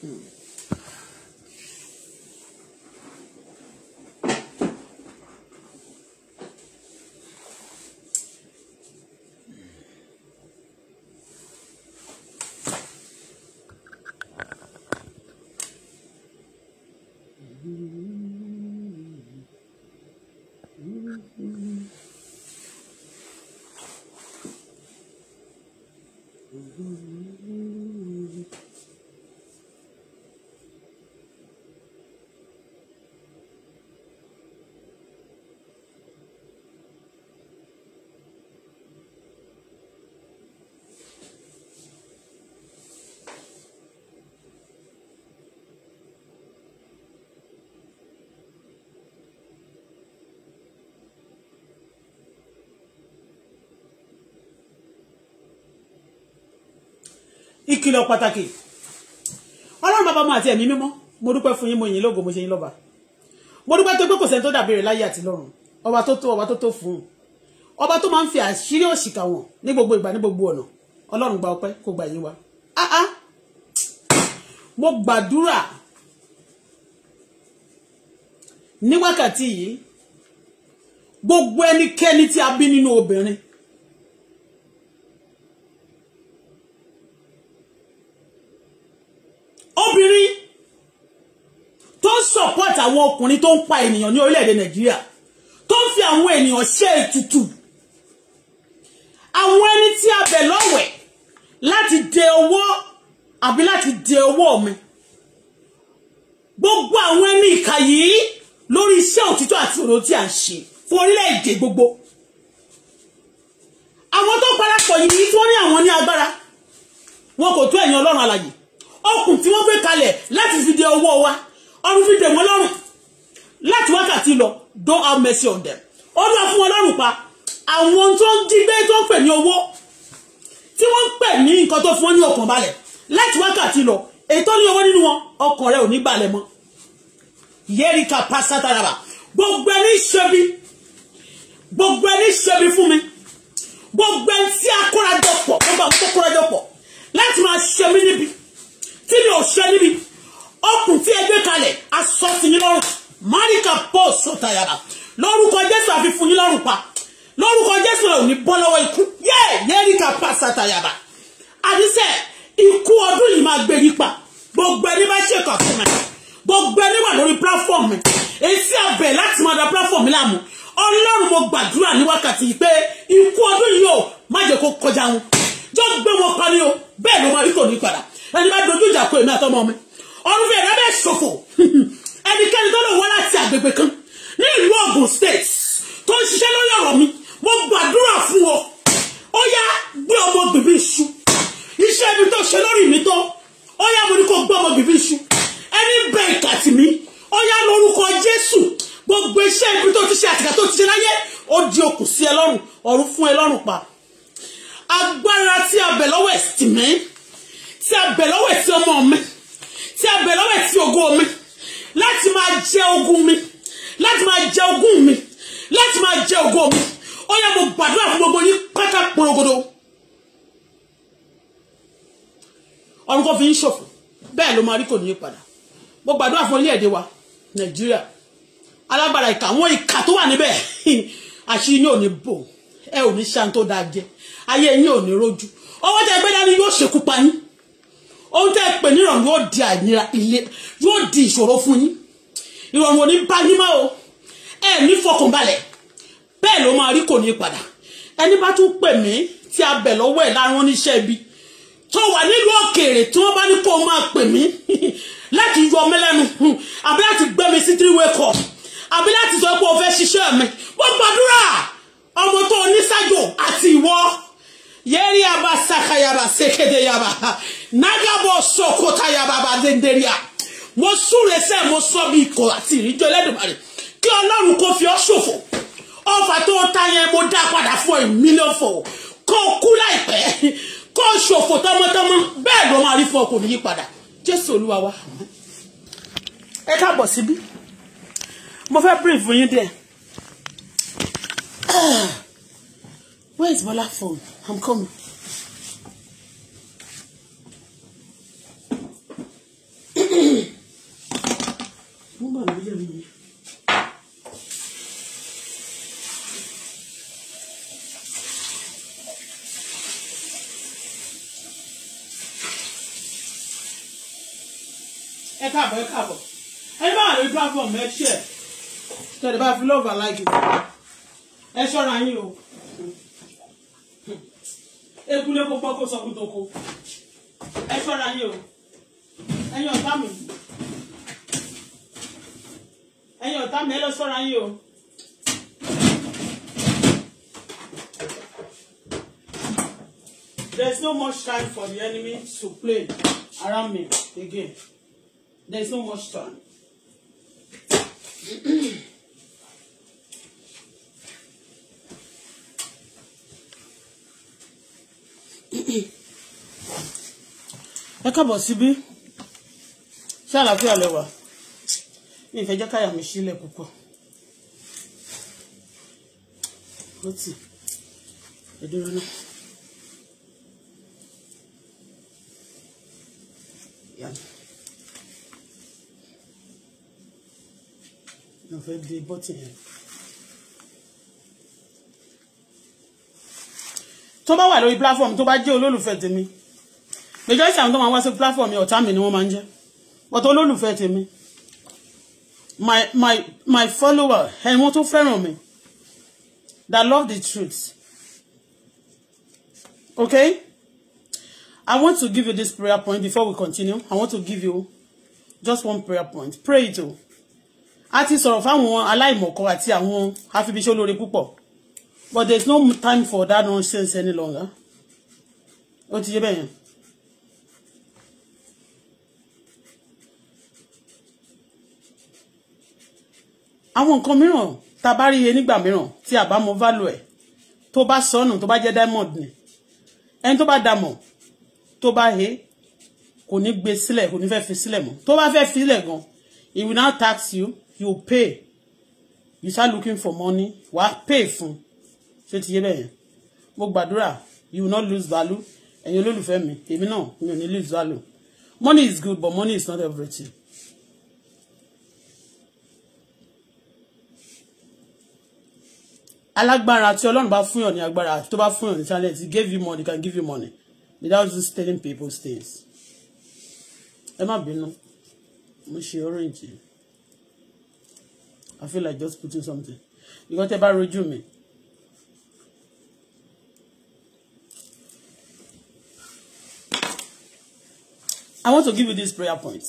Hmm. Mm-hmm. ìkìlọ̀ pàtàkì ọlọ́run bàbá mọ àti ẹ̀mí mímọ́ mo dúpẹ́ fún yín mo yìn lógo mo ṣe yín lọ́ba mo dúpẹ́ tó pé kò sẹ́ni tó dàbẹ̀rẹ̀ láyé àti lọ́run ọba tó tó ọba tó tó fún un ọba tó máa ń fi àṣírí òṣìkà wọn ní gbogbo ìgbà ní gbogbo ọ̀nà ọlọ́run gba ọpẹ́ kó gba yín wa ah ah mo gbàdúrà ní wákàtí yìí gbogbo ẹnikẹ́ni tí a bí nínú obìnrin fight àwọn ọkùnrin tó ń pa ènìyàn ní orílẹ̀-èdè nàìjíríà tó ń fi àwọn ènìyàn ṣe ètùtù àwọn ẹni tí a bẹ̀ lọ́wẹ̀ láti de owó àbí láti de owó mi gbogbo àwọn ẹni ìkà yìí lórí iṣẹ́ òtítọ́ àti òrò tí a ń ṣe fún orílẹ̀-èdè gbogbo àwọn tó parapọ̀ yìí tí wọ́n ní àwọn ní agbára wọn kò tó ẹ̀yin ọlọ́run alàyè okùn tí wọ́n gbé kalẹ̀ láti fi de owó wa ọdún fi dè wọ́n lọ́rùn láti wákàtí lọ don't have mercy on them ọdún àfún wọn lọ́rùn pa àwọn tó ń jí gbé tó ń pè ní owó tí wọ́n ń pè ní nǹkan tó fún wọn ní ọkàn balẹ̀ láti wákàtí lọ ètò ní owó nínú wọn ọkàn rẹ ò ní balẹ̀ mọ́ yẹ́ríkà pásátára gbogbo ẹni ṣebi gbogbo ẹni ṣebi fún mi gbogbo ẹni tí a kórajọpọ̀ gbogbo àwọn tó kórajọpọ̀ láti máa ṣe mí níbi tí mi ò ṣe níbi okùn tí ẹ gbé kalẹ̀ aṣọ sí ní lọ́rùn máríkà paul sọtayaba lórúkọ jésù àfi lọ́rùn pa lórúkọ jésù rẹ̀ ò ní bọ́ lọ́wọ́ ikú yé yẹ́ríkà pa sọtayaba àdìsẹ́ ikú ọdún yìí máa gbé yín pa gbogbo ẹni bá ṣèkọ̀ fún mi gbogbo ẹni wà lórí platform mi èsì àbẹ̀ láti máa da platform mi láàmú ọlọ́run mo gbàdúrà ní wákàtí yìí pé ikú ọdún yìí o má jẹ́ kó kọjá wọn jọ gbé wọn pa ni bẹ́ẹ̀ ló máa rí kò ní padà ẹni bá dojú ìjà kó èmi àtọmọ mi ọrùn ẹ̀dá bẹ́ẹ̀ ṣòfò ẹnikẹ́ni tó lè wá láti àgbègbè kan ní ìlú Ògùn state tó ń ṣiṣẹ́ lórí ọ̀rọ̀ mi mo gbàdúrà fún ọ ó yá gbé ọmọ bèbí iṣu iṣẹ́ ibi tó ṣe lórí mi tó ó yá mo ní kó gbé ọmọ bèbí iṣu ẹni bẹ ìkàtì mi ó yá lórúkọ Jésù gbogbo iṣẹ́ ibi tó ti ṣe àtìkà tó ti ṣe láyé ó di okùn sí ẹ lọ́rùn ọ̀run fún ẹ lọ́rùn pa agbára tí a bẹ̀ lọ́wọ́ ẹ̀sìn mi tí a bẹ̀ lọ́wọ́ ọmọ mi tí a bẹ̀rẹ̀ lọ́wọ́ ti ògo mi láti máa jẹ ogun mi láti máa jẹ ogun mi láti máa jẹ ògo mi ó yẹ mo gbàdúrà fún gbogbo yín pátá porogodo ọ̀run kan fi ń ṣòfò bẹ́ẹ̀ ló máa rí kò ní í padà mo gbàdúrà fún orílẹ̀-èdè wa nàìjíríà alágbára ìka àwọn ìka tó wà níbẹ̀ àṣírí yóò ní bò ẹ ò ní ṣan tó dáa jẹ ayé yín ò ní rójú ọwọ́ tẹ gbé dání yóò ṣekú pa yín ohun tẹ́ ẹ pè ní ìrọ̀rùn yóò di àìnira ilé yóò di ìṣòro fún yín ìrọ̀rùn ò ní bá yín mọ́ o ẹ ní fọkànbalẹ̀ bẹ́ẹ̀ ló máa rí kò ní padà ẹni bá tún pè mí tí a bẹ̀ lọ́wọ́ ẹ̀ láwọn oníṣẹ́ ibi tó wà nílùú òkèèrè tí wọ́n bá ní kó máa pè mí láti yọ ọmọ lẹ́nu àbí láti gbé mi sí three way call àbí láti sọ pé o fẹ́ ṣiṣẹ́ mi wọ́n gbàdúrà ọmọ tó oníṣàjò àti ìwọ yeri aba sakayaba sekede yaba nagabo sokota yaba badenderia mo súre sẹ mo sọ bí ikọ àti ìrìnjọ Ẹlẹ́dùmarè fi ọ ṣòfò ọfà ta yẹn mo dá padà fún ẹ mílíọ̀n fọ kó kú láìpẹ́ kó ṣòfò tọmọtọmọ bẹ́ẹ̀ ló máa rí fún ọ kò ní yí padà Jésù Olúwa wa ẹ káàbọ̀ síbí mo fẹ́ brief fún yín díẹ̀ where is Bola phone. I'm coming. Mumba ló yẹ mi. Ẹ káàbọ̀ ẹ káàbọ̀. Ẹ bá àlè platform ẹ ṣe. Tẹ̀lé bá fi lọ́ọ̀bà láìkì. Ẹ ṣọ́ra yín o ekunle kó gbọ́ kó sọ kó toko ẹ ṣọ́ra yín o ẹ̀yin ọ̀tá mi ẹ̀yin ọ̀tá mi ẹ lọ ṣọ́ra yín o. There is no much time for the enemy to play around me again. There is no much time. ẹ káàbọ̀ síbí ṣé àlàáfíà lẹ wà mi ìfẹ́ jẹ́ káyà mi sílẹ̀ púpọ̀ ó tì ẹ dúró náà yàrá mo fẹ́ di bọ́tì yẹn. tó bá wà lórí platform tó bá jẹ́ olólùfẹ́ tèmi majority àwọn tó máa wá sí platform ọ̀tá mi ni wọ́n máa ń jẹ́ but olólùfẹ́ tèmi my my my follower ẹ̀wọ̀n tó fẹ́ràn mi that love the truth okay I want to give you this prayer point before we continue I want to give you just one prayer point pray it o a ti sọ̀rọ̀ fáwọn aláìmọ̀kọ àti àwọn afibiṣẹ́ olóore púpọ̀ but there's no time for that nonsense any longer What ti yé bẹ́ẹ̀ yẹn. àwọn nǹkan mìíràn tá a bá See about nígbà mìíràn tí a bá mọ value ẹ̀ tó bá sọnù diamond ni ẹni tó bá he koni ní gbé sílẹ̀ kò ní fẹ́ fi sílẹ̀ mọ́ tó bá fẹ́ he will now tax you you pay you start looking for money wàá pay for ṣé ti yé bẹ́ẹ̀ yẹn mo gbàdúrà you will not lose value ẹ̀yin olólùfẹ́ mi èmi náà mi ò ní lose value money is good but money is not everything. alágbára tí ọlọ́run bá fún yàn ní agbára tó bá fún yàn ní talent he gave you money He can give you money without just telling people things. ẹ má bínú mo ṣe orange i feel like just putting something because ẹ bá rojú mi I want to give you this prayer point.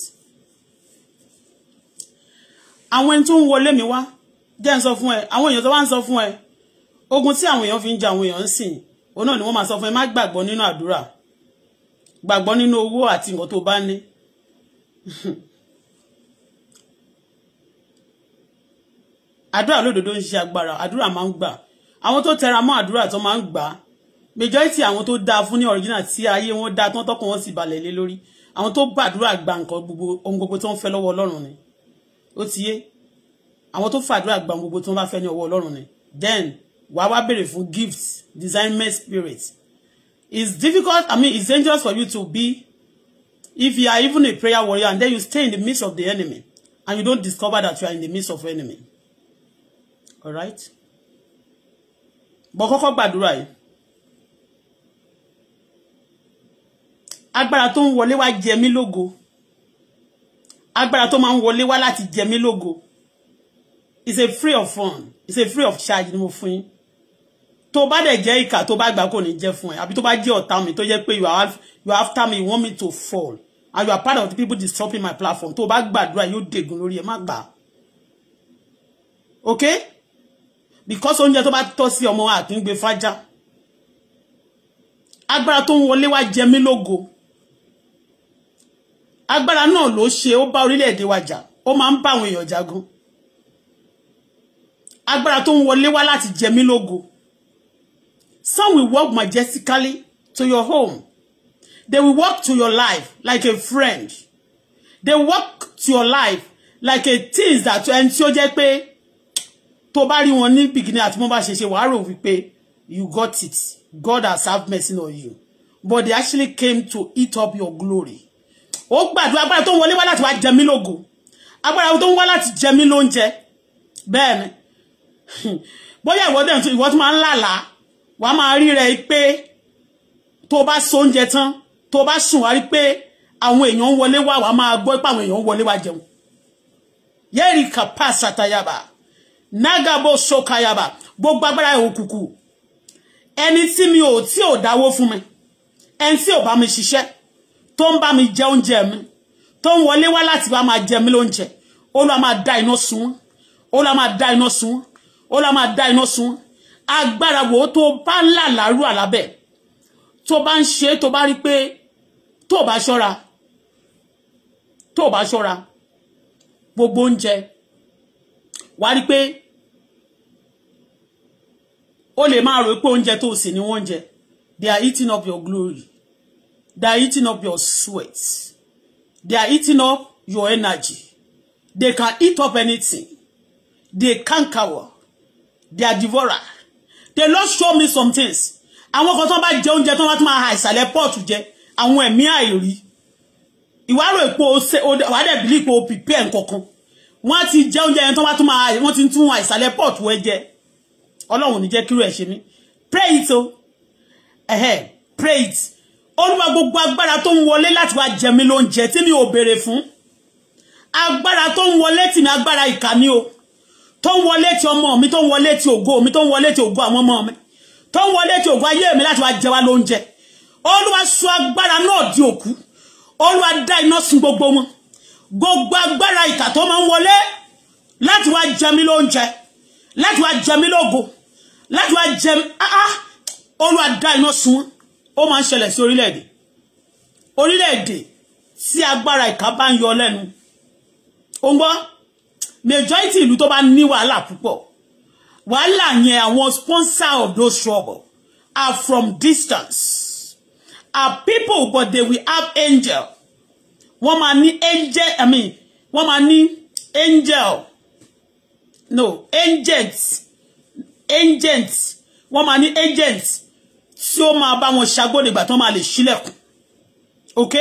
Àwọn ẹni tó ń wọlé mi wá, jẹ́ ń sọ fún ẹ, àwọn èèyàn tó wá ń sọ fún ẹ, ogun tí àwọn èèyàn fi ń jà àwọn èèyàn ń sìn, òun náà ni wọ́n máa sọ fún ẹ, má gbàgbọ́ nínú àdúrà, gbàgbọ́ nínú owó àti nǹkan tó bá ní. Àdúrà olódodo ń ṣe agbára, àdúrà máa ń gbà. Àwọn tó tẹra mọ́ àdúrà tó máa ń gbà, majority àwọn tó dáa fún ní original tí ayé wọn dáa tán tọkàn wọn sì balẹ̀ lé lórí àwọn tó gbàdúrà gba nǹkan gbogbo ohun gbogbo tó ń fẹ́ lọ́wọ́ ọlọ́run ni ó ti yé àwọn tó fàdúrà gba ohun gbogbo tó ń bá fẹ́ ní ọwọ́ ọlọ́run ni then wàá wá béèrè fún gift designment spirit it's difficult i mean it's dangerous for you to be if you are even a prayer warrior and then you stay in the midst of the enemy and you don't discover that you are in the midst of enemy all right But kọ́kọ́ gbàdúrà yìí. agbára tó ń wọlé wá jẹ mí lógo agbára tó máa ń wọlé wá láti jẹ mí lógo it's a free of fun it's a free of charge ni mo fún yín tó bá dẹ̀ jẹ́ ìkà tó bá gbà kò ní jẹ́ fún ẹ àbí tó bá jẹ́ ọ̀tá mi tó jẹ́ pé you are after me you want me to fall and you are part of the people disrupting my platform tó bá gbàdúrà yóò dègùn lórí ẹ má gbà ok because oúnjẹ tó bá tọ́ sí ọmọ àti ń gbé fájá agbára tó ń wọlé wá jẹ mí lógo agbára náà ló ṣe ó bá orílẹ̀-èdè wa jà ó máa ń bá àwọn èèyàn jagun agbára tó ń wọlé wá láti jẹ mí lógo some will walk majestically to your home they will walk to your life like a friend they walk to your life like a things that ẹni tí ó jẹ́ pé tó bá rí wọn ní beginning àti mo bá ṣe ṣe wàá rò wípé you got it God has have mercy on you but they actually came to eat up your glory ó gbàdúrà agbára tó wọlé wá láti wá jẹ mí lógo agbára tó ń wá láti jẹ mí lóúnjẹ bẹ́ẹ̀ ni bóyá ìwọ dẹ̀ ìwọ tó máa ń lálàá wàá máa rí rẹ pé tó bá sóúnjẹ tán tó bá sùn wá rí pé àwọn èèyàn ń wọlé wá wàá máa gbọ́ pé àwọn èèyàn ń wọlé wá jẹun yẹ́rì kàpá sàtàyàbà nágàbọ̀ sọkàyàbà gbogbo agbára òkùnkùn ẹni tí mi ò tí ò dáwó fún mi ẹni tí ò bá mi ṣiṣẹ́ tó ń bá mi jẹ oúnjẹ mi tó ń wọlé wá láti wá máa jẹ mi lóúnjẹ olúwa máa dá iná sun olúwa máa dá iná sun olúwa máa dá iná sun agbára wo tó bá ń là lárú àlábẹ tó bá ń ṣe tó bá rí pé tó bá ṣọ́ra tó bá ṣọ́ra gbogbo oúnjẹ wàá rí pé o lè máa rò pé oúnjẹ tó sì ni wọ́n jẹ they are eating up your glory They are eating up your sweat. They are eating up your energy. They can eat up anything. They can't cower. They are devourer. The Lord show me some things. I want to talk about tó bá jẹ oúnjẹ tó bá tún máa ha ìsàlẹ̀ pọ́ọ̀tù jẹ àwọn ẹ̀mí àìrí. Ìwárò èpo wàdẹ̀ bìlí ipò pípẹ́ nkankan. Wọ́n ti jẹ oúnjẹ yẹn tó bá tún máa wọ́n ti tún àìsàlẹ̀ pọ́ọ̀tù ẹ jẹ. Ọlọ́run ò ní jẹ́ kírú ẹ̀ ṣe mí. Pray it oh. Eh, Pray it olúwa gbogbo agbára tó ń wọlé láti wá jẹ mí lóúnjẹ tí mi ò béèrè fún agbára tó ń wọlé tì mí agbára ìkà ni o tó ń wọlé ti ọmọ mi tó ń wọlé ti ògo mi tó ń wọlé ti ògo àwọn ọmọ mi tó ń wọlé ti ògo ayé mi láti wá jẹ wá lóúnjẹ olúwa sọ agbára náà di òkú olúwa dá iná sun gbogbo wọn gbogbo agbára ìkà tó máa ń wọlé láti wá jẹ mí lóúnjẹ láti wá jẹ mí lógo láti wá jẹ mí áá olúwa dá iná sun wọn ó máa ń ṣẹlẹ̀ sí orílẹ̀-èdè orílẹ̀-èdè tí agbára ìka bá ń majority ìlú tó bá ní wàhálà púpọ̀ wàhálà yẹn àwọn sponsor of those trouble are from distance are people but they will have angel wọ́n máa ní angel i mean wọ́n máa ní angel no agents agents wọ́n máa ní agents tí ó máa bá wọn ṣagbó nígbà tó máa lè ṣílẹ̀kùn ok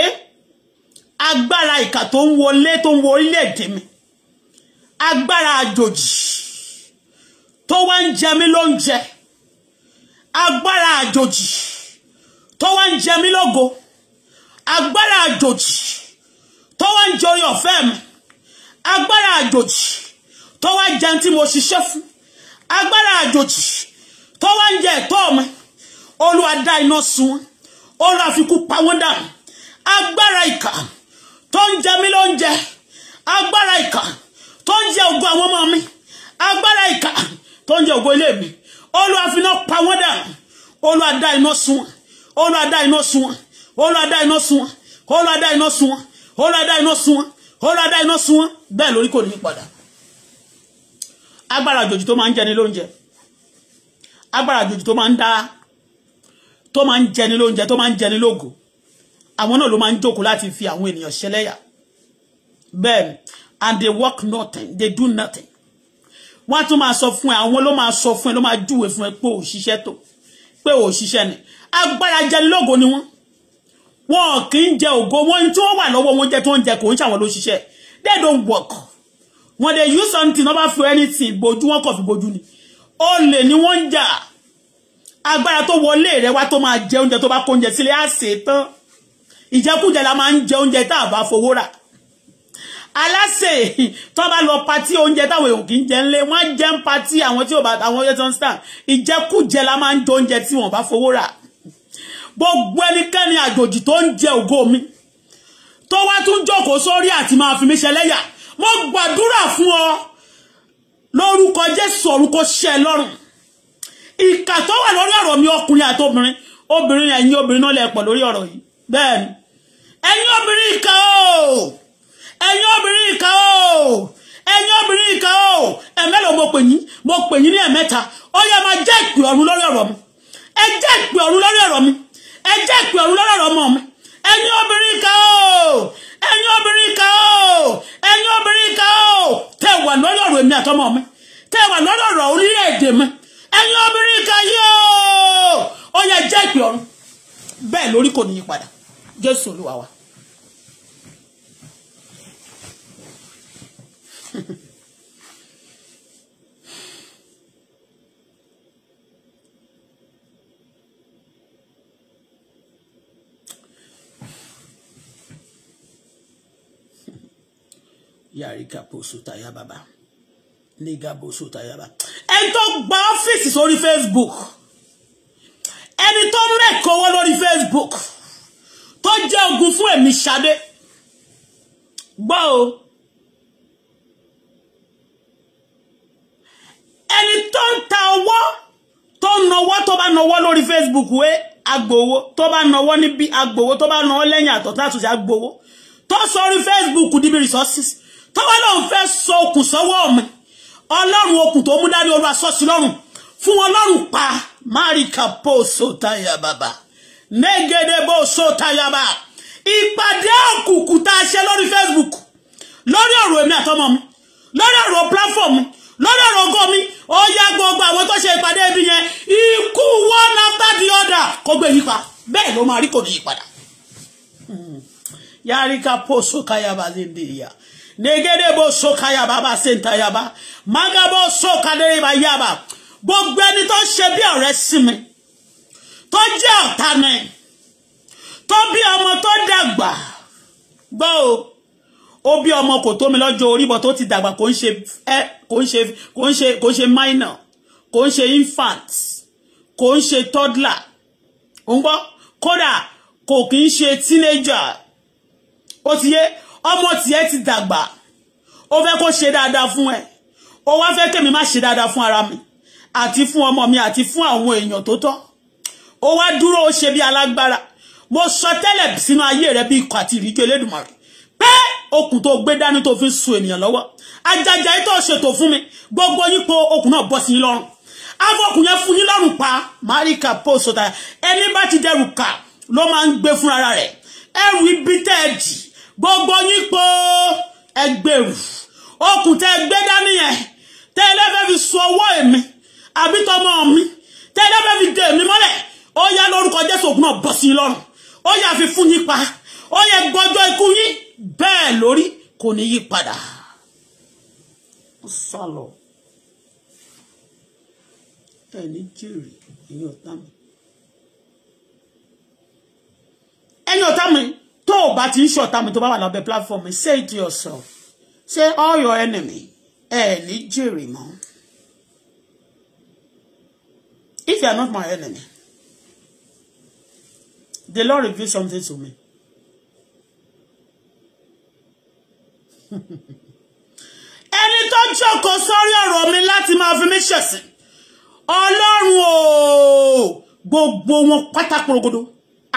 agbára ìkà tó ń wọlé tó ń wọ orílẹ̀-èdè mi agbára àjòjì tó wá ń jẹ mí lóúnjẹ agbára àjòjì tó wá ń jẹ mí lógo agbára àjòjì tó wá ń jẹ ọ̀fẹ́ mi agbára àjòjì tó wá jẹun tí mo ṣiṣẹ́ fún agbára àjòjì tó wá ń jẹ ẹ̀tọ́ mi. olúwa dá iná sun olúwa fi ikú agbára ìkà tó ń jẹ mí ló ń agbára ìkà tó ń jẹ ògo àwọn ọmọ mi agbára ìkà tó ń jẹ ògo ilé mi olúwa fi pa iná sun olúwa iná sun iná sun bẹ́ẹ̀ lórí kò ní padà agbára àjòjì tó máa ń jẹni lóúnjẹ agbára àjòjì tó máa ń dá tó máa ń jẹni lóúnjẹ tó máa ń jẹni lógo àwọn náà ló máa ń jókòó láti fi àwọn ènìyàn ṣẹlẹ́yà bẹ́ẹ̀ and they work nothing they do nothing wọ́n á tún máa sọ fún ẹ àwọn ló máa sọ fún ẹ ló máa júwe fún ẹ pé ò ṣiṣẹ́ tó pé ò ṣiṣẹ́ ni agbára jẹni lógo ni wọ́n wọn kì í jẹ ògo wọn tí wọ́n wà lọ́wọ́ wọn jẹ tó ń jẹ kò ń ṣàwọn ló ṣiṣẹ́ they don't work when they use something wọ́n bá fi anything bojú wọn kàn fi bojú ni olè ni wọ́n ń jà agbára tó wọlé rẹ wá tó máa jẹ oúnjẹ tó bá kó oúnjẹ sílé á sè tán ìjẹkújẹ la máa ń jẹ oúnjẹ tá a bá fowó rà aláṣẹ tó bá lọ patí oúnjẹ táwọn èèyàn kì í jẹ ńlé wọn jẹ ń patí àwọn tí ò bá àwọn oúnjẹ tó ń sàn ìjẹkújẹ la máa ń jẹ oúnjẹ tí wọn bá fowó rà gbogbo ẹnikẹ́ni àjòjì tó ń jẹ ògo mi tó wá tún jókòó sórí àti máa fi mí ṣẹlẹ́yà mo gbàdúrà fún ọ lórúkọ Jésù ọ̀run ṣẹ lọ́rùn ìkà tó wà lórí ọ̀rọ̀ mi ọkùnrin àti obìnrin obìnrin ẹ̀yin obìnrin náà lè pọ̀ lórí ọ̀rọ̀ yìí bẹ́ẹ̀ ni ẹ̀yin obìnrin ìkà o ẹ̀yin obìnrin ìkà o ẹ̀yin obìnrin ìkà o ẹ̀mẹ́lò mo pè yín mo pè yín ní ẹ̀mẹ́ta ó yẹ máa jẹ́ ìpè ọ̀run lórí ọ̀rọ̀ mi ẹ jẹ́ ìpè ọ̀run lórí ọ̀rọ̀ mi ẹ jẹ́ ìpè ọ̀run lórí ọ̀rọ̀ ọmọ mi ẹ̀yin obìnrin ìkà o ẹ̀yin obìnrin ìkà o ẹ̀yin obìnrin ìkà o tẹ́ lórí ọ̀rọ̀ èmi àtọmọ mi tẹ́ lórí ọ̀rọ̀ orílẹ̀-èdè mi ẹ̀yin obìnrin kan yóò ó yẹ jẹ́ ìpè lórí kò wa. lẹ́gàbọ̀sọ tàyàrà ẹni tó gba ọ́fíìsì sórí Facebook ẹni tó mẹ́kọ̀ọ́ owó lórí Facebook tó jẹ́ ogun fún ẹ̀mí Ṣadé gbọ́ o ẹni tó ń ta owó tó nawọ́ tó bá nawọ́ lórí Facebook wé agbowó tó bá nawọ́ níbi agbowó tó bá nawọ́ lẹ́yìn àtọ̀tún àtúnṣe agbowó tó sọ orí Facebook di bí resources tó wá lóun fẹ́ sọ okùn sọ́wọ́ ọ̀mọ́ ọlọ́run okùn tó mú dání olúwa sọ́ọ̀sì lọ́rùn fún ọlọ́run pa máríkà bó sótáyà bàbá nẹ́gẹ́dẹ́ bó sótáyà bàbá ìpàdé òkùnkùn tá a ṣe lórí Facebook lórí ọ̀rọ̀ èmi àtọmọ mi lórí ọ̀rọ̀ platform lórí ọ̀rọ̀ ọgọ́ mi ó yá gbogbo àwọn tó ṣe ìpàdé ibi yẹn ikú one after the other kò gbé yípa bẹ́ẹ̀ ló máa rí kò ní yípadà hmm. yáríkà pọ̀ sókáyà bá lè dè yá negedebo sokaya baba sentayaba magabo sokadeba yaba gbogbo ẹni tó ṣe bí ọ̀rẹ́ sí mi tó jẹ́ ọ̀tá mi tó bí ọmọ tó dàgbà gbọ́ o ó bí ọmọ kò tó mi lọ́jọ́ orí bọ̀ tó ti dàgbà kò ń ṣe kò ń ṣe kò ń ṣe minor kò ń ṣe infant kò ń toddler ń gbọ́ kódà kò kì í teenager ó ti yé ọmọ tiẹ̀ ti dàgbà ó fẹ́ kó ṣe dáadáa fún ẹ ó wá fẹ́ kẹ́mi má ṣe dáadáa fún ara mi àti fún ọmọ mi àti fún àwọn èèyàn tó tọ́ ó wá dúró ó ṣe bí alágbára mo sọ tẹ́lẹ̀ sínú ayé rẹ bí ikọ̀ àti ìrìjọ Elédùmarè pé okùn tó gbé dání tó fi ń so ènìyàn lọ́wọ́ ajajà yìí tó ṣètò fún mi gbogbo yípo okùn náà bọ́ sí yín lọ́rùn afọkùn yẹn fún yín lọ́rùn pa máríkà pò sọta ẹni bá ti dẹrù kà ló máa ń gbé fúnra rẹ̀ ẹrù ibi tẹ́ ẹ jì gbogbo yín po ẹgbẹ̀rù okùn tẹ́ gbé dání yẹn tẹ́ ẹ lẹ́fẹ̀ẹ́ fi so ọwọ́ èmi àbí tọmọ mi tẹ́ ẹ lẹ́fẹ̀ẹ́ fi dè mí mọ́lẹ̀ ó yá lórúkọ Jésù ògùn náà bọ̀ sí i lọ́rùn ó yá fi fún yín pa ó yẹ gbọ́jọ́ ikú yín bẹ́ẹ̀ lórí kò ní yí padà. sálọ ẹ ní jèrè ẹ̀yin ọ̀tá mi. ẹ̀yin ọ̀tá mi tó o bá ti ń ṣọ̀tá mi tó bá wà lábẹ́ platform say it to yourself say all your enemy ẹ ní jèrè mọ́ if you are not my enemy the Lord reveal something to me ẹni tó jókòó sórí ọ̀rọ̀ mi láti máa fi mí ṣẹ̀sín ọlọ́run o gbogbo wọn pátákó rogodo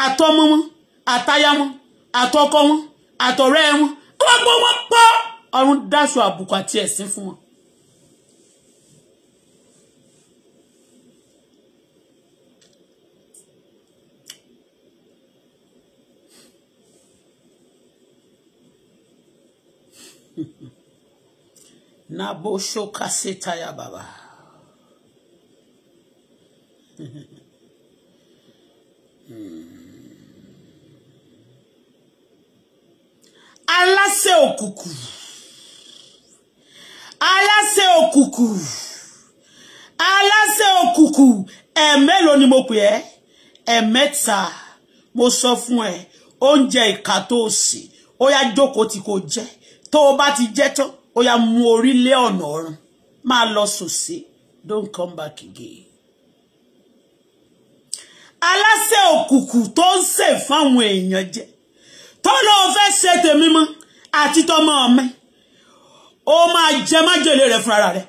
àtọmọ wọn àtayá wọn àtọkọ wọn àtọ̀rẹ́ wọn gbogbo wọn pọ̀ ọ̀run dáṣọ àbùkù àti ẹ̀sín fún wọn. Nabo shoka setaya baba. hmm. aláṣẹ òkùnkùn aláṣẹ òkùnkùn aláṣẹ òkùnkùn ẹ̀mẹ́lò ni mo pè ẹ́ ẹ̀mẹ́ta mo sọ fún ẹ oúnjẹ ìka tó o sì ó yá jókòó tí kò jẹ tó o bá ti jẹ tán ó yá mú orí lé ọ̀nà ọ̀run máa lọ sòsè don't come back again. aláṣẹ òkùnkùn tó ń sè fáwọn èèyàn jẹ tó lọ fẹ́ ṣe tèmi mọ́ àti tọmọ mi ó máa jẹ májèlé rẹ fúnra rẹ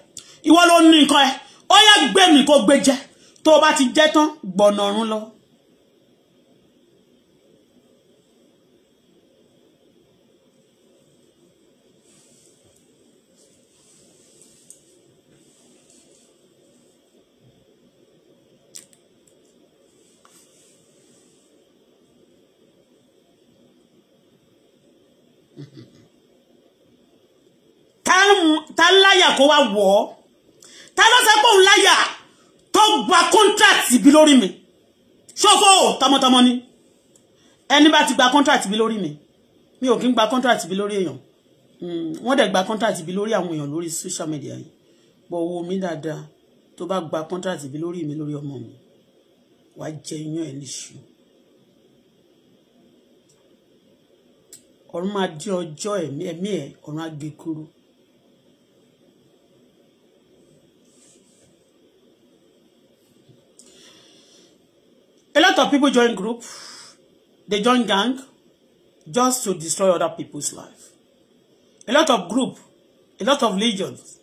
ìwọ ló ní nǹkan ẹ ó yá gbé mi kó gbé jẹ tó o bá ti jẹ tán gbọ̀nà ọ̀run lọ ta láyà kó wá wọ̀ ọ́ ta ló sọ pé òun láyà tó gba contract bí lórí mi ṣòfò tọmọtọmọ ni ẹni bá ti gba contract bí lórí mi mi ò kí ń gba contract bí lórí èèyàn hmm, wọ́n dẹ̀ gba contract bí lórí àwọn èèyàn lórí social media yìí bọ̀ wo mi dáadáa tó bá gba contract bí lórí mi lórí ọmọ mi wàá jẹ iyán ẹ̀ níṣu. ọ̀run máa dín ọjọ́ ẹ̀mí ẹ̀ ọ̀run á gbé kúrú A lot of people join group. They join gang just to destroy other people's life. A lot of group, a lot of legions.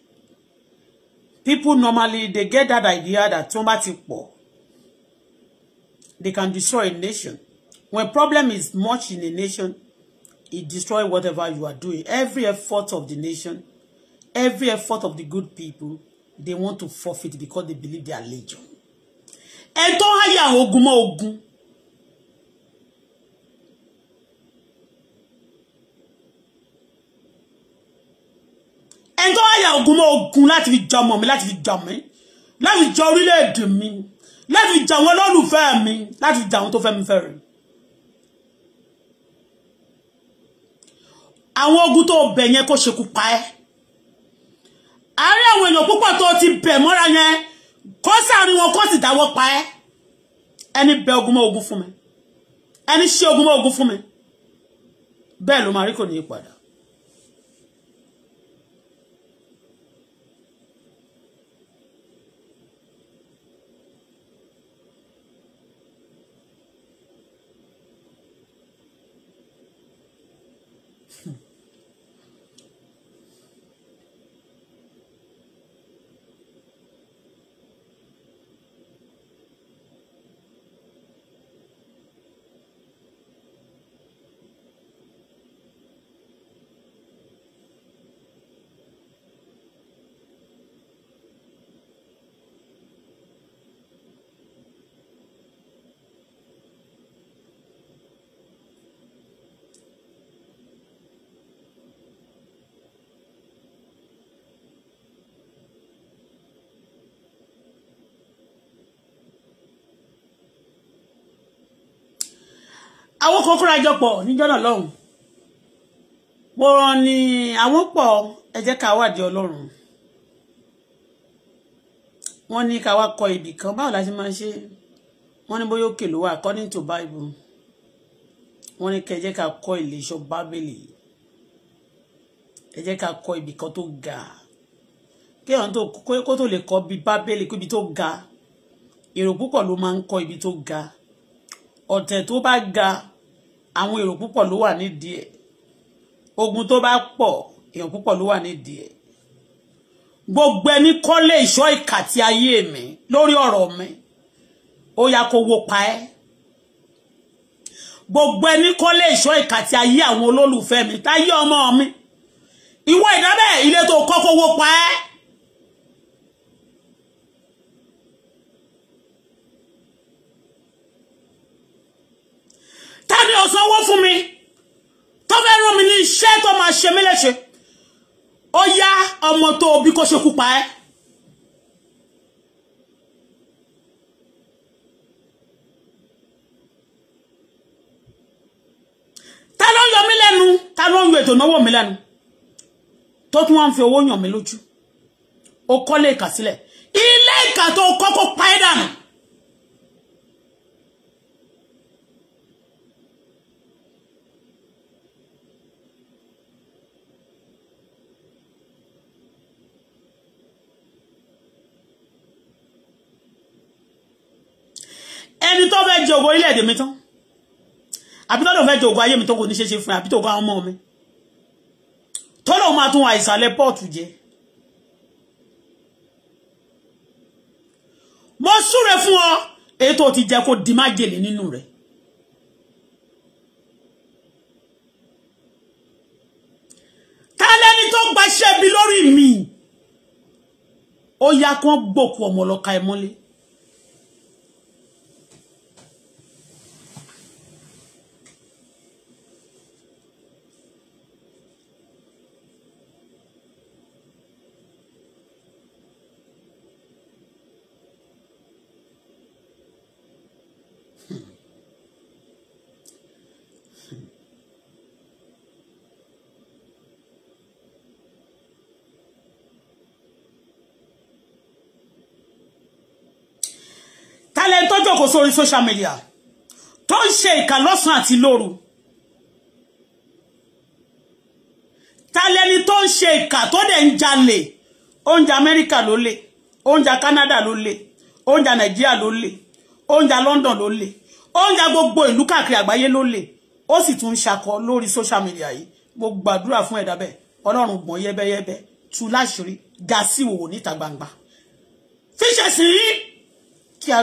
People normally, they get that idea that tó bá ti they can destroy a nation. When problem is much in a nation, it e destroy whatever you are doing. Every effort of the nation, every effort of the good people, they want to forfeit because they believe they are legion ẹ tó háyè àwọn ogun mọ́ ogun ẹ tó háyè ogun mọ́ ogun láti fi jà ọmọ mi láti fi jà mí láti fi jà orílẹ̀-èdè mi láti fi àwọn olólùfẹ́ mi láti fi àwọn tó fẹ́ mi fẹ́ rẹ̀. àwọn ogun tó bẹ̀ yẹn kó ṣekú pa ẹ́ àárẹ̀ àwọn èèyàn púpọ̀ tó ti bẹ̀ mọ́ra yẹn kó sáàrin wọn kó sì dáwọ́ pa ẹ́ ẹni bẹ ogun mọ́ ogun fún mi ẹni ṣe ogun ogun fún mi bẹ́ẹ̀ ló máa rí kò ní í padà àwọn kan kóra jọ pọ̀ níjọ́ náà lọ́hùn mo rán ni àwọn pọ̀ ẹ jẹ́ ká wádìí ọlọ́run wọ́n ní ká wá kọ ibì kan báwo la ṣe máa ṣe wọ́n ní bóyá òkè ló wà according to bible wọ́n ní kẹ́ jẹ́ ká kọ ilé ìṣọ́ bábélì ẹ jẹ́ ká kọ ibì kan tó ga kéèyàn tó kó tó lè kọ bí bábélì kó ibi tó ga èrò púpọ̀ ló máa ń kọ ibi tó ga ọ̀tẹ̀ tó bá ga àwọn èrò púpọ̀ ló wà nídìí ẹ̀ ogun tó bá pọ̀ èèyàn púpọ̀ ló wà nídìí ẹ̀ gbogbo ẹni kọ́lé ìṣọ́ ìkà ti ayé mi lórí ọ̀rọ̀ mi ó yá kó wó pa ẹ́ gbogbo ẹni kọ́lé ìṣọ́ ìkà ti ayé àwọn olólùfẹ́ mi táyé ọmọ mi ìwọ ìdábẹ́ ilé tó kọ́ kó wó pa ẹ́. ta ni ò sanwó fún mi tó fẹ́ rán mi ní iṣẹ́ tó máa ṣe mí léṣe ó yá ọmọ tó bí kó ṣe kú pa ẹ́. ta ló ń yọ mí lẹ́nu ta ló ń yọ ètò mi lẹ́nu tó tún wá ń fi owó yàn mí lójú ó kọ́lé ìkà sílẹ̀ ilé ìkà tó kọ́kọ́ pa ẹ́ dànù. ṣe ògo orílẹ̀-èdè mi tán àbí tọ́lọ̀ fẹ́ ṣe ògo ayé mi tó kò ní ṣe ṣe fún àbí tó ga ọmọ mi tọ́lọ̀ máa tún àìsàlẹ̀ pọ́ọ̀tù jẹ mo súre fún ọ èyí tó ti jẹ kó di májèlé nínú rẹ ta lẹni tó gbaṣẹ́ bi lórí mi ó yá kán gbòkú ọmọ ọlọ́ka ẹ mọ́lé sórí social media tó ń ṣe ìkà lọ́sàn-án àti lóru ta lẹni tó ń onja ìkà tó dẹ̀ ń Canada ló lè oúnjẹ Nàìjíríà ló lè oúnjẹ London ló lè oúnjẹ gbogbo ìlú káàkiri àgbáyé ló lè ó sì tún ṣakọ lórí social media yìí gbogbo àdúrà fún edabe. bẹ́ẹ̀ Ọlọ́run gbọ̀n yẹ́bẹ́yẹ́bẹ́ tú láṣìírí ga sí ìwòwò níta gbangba fíṣẹ̀ a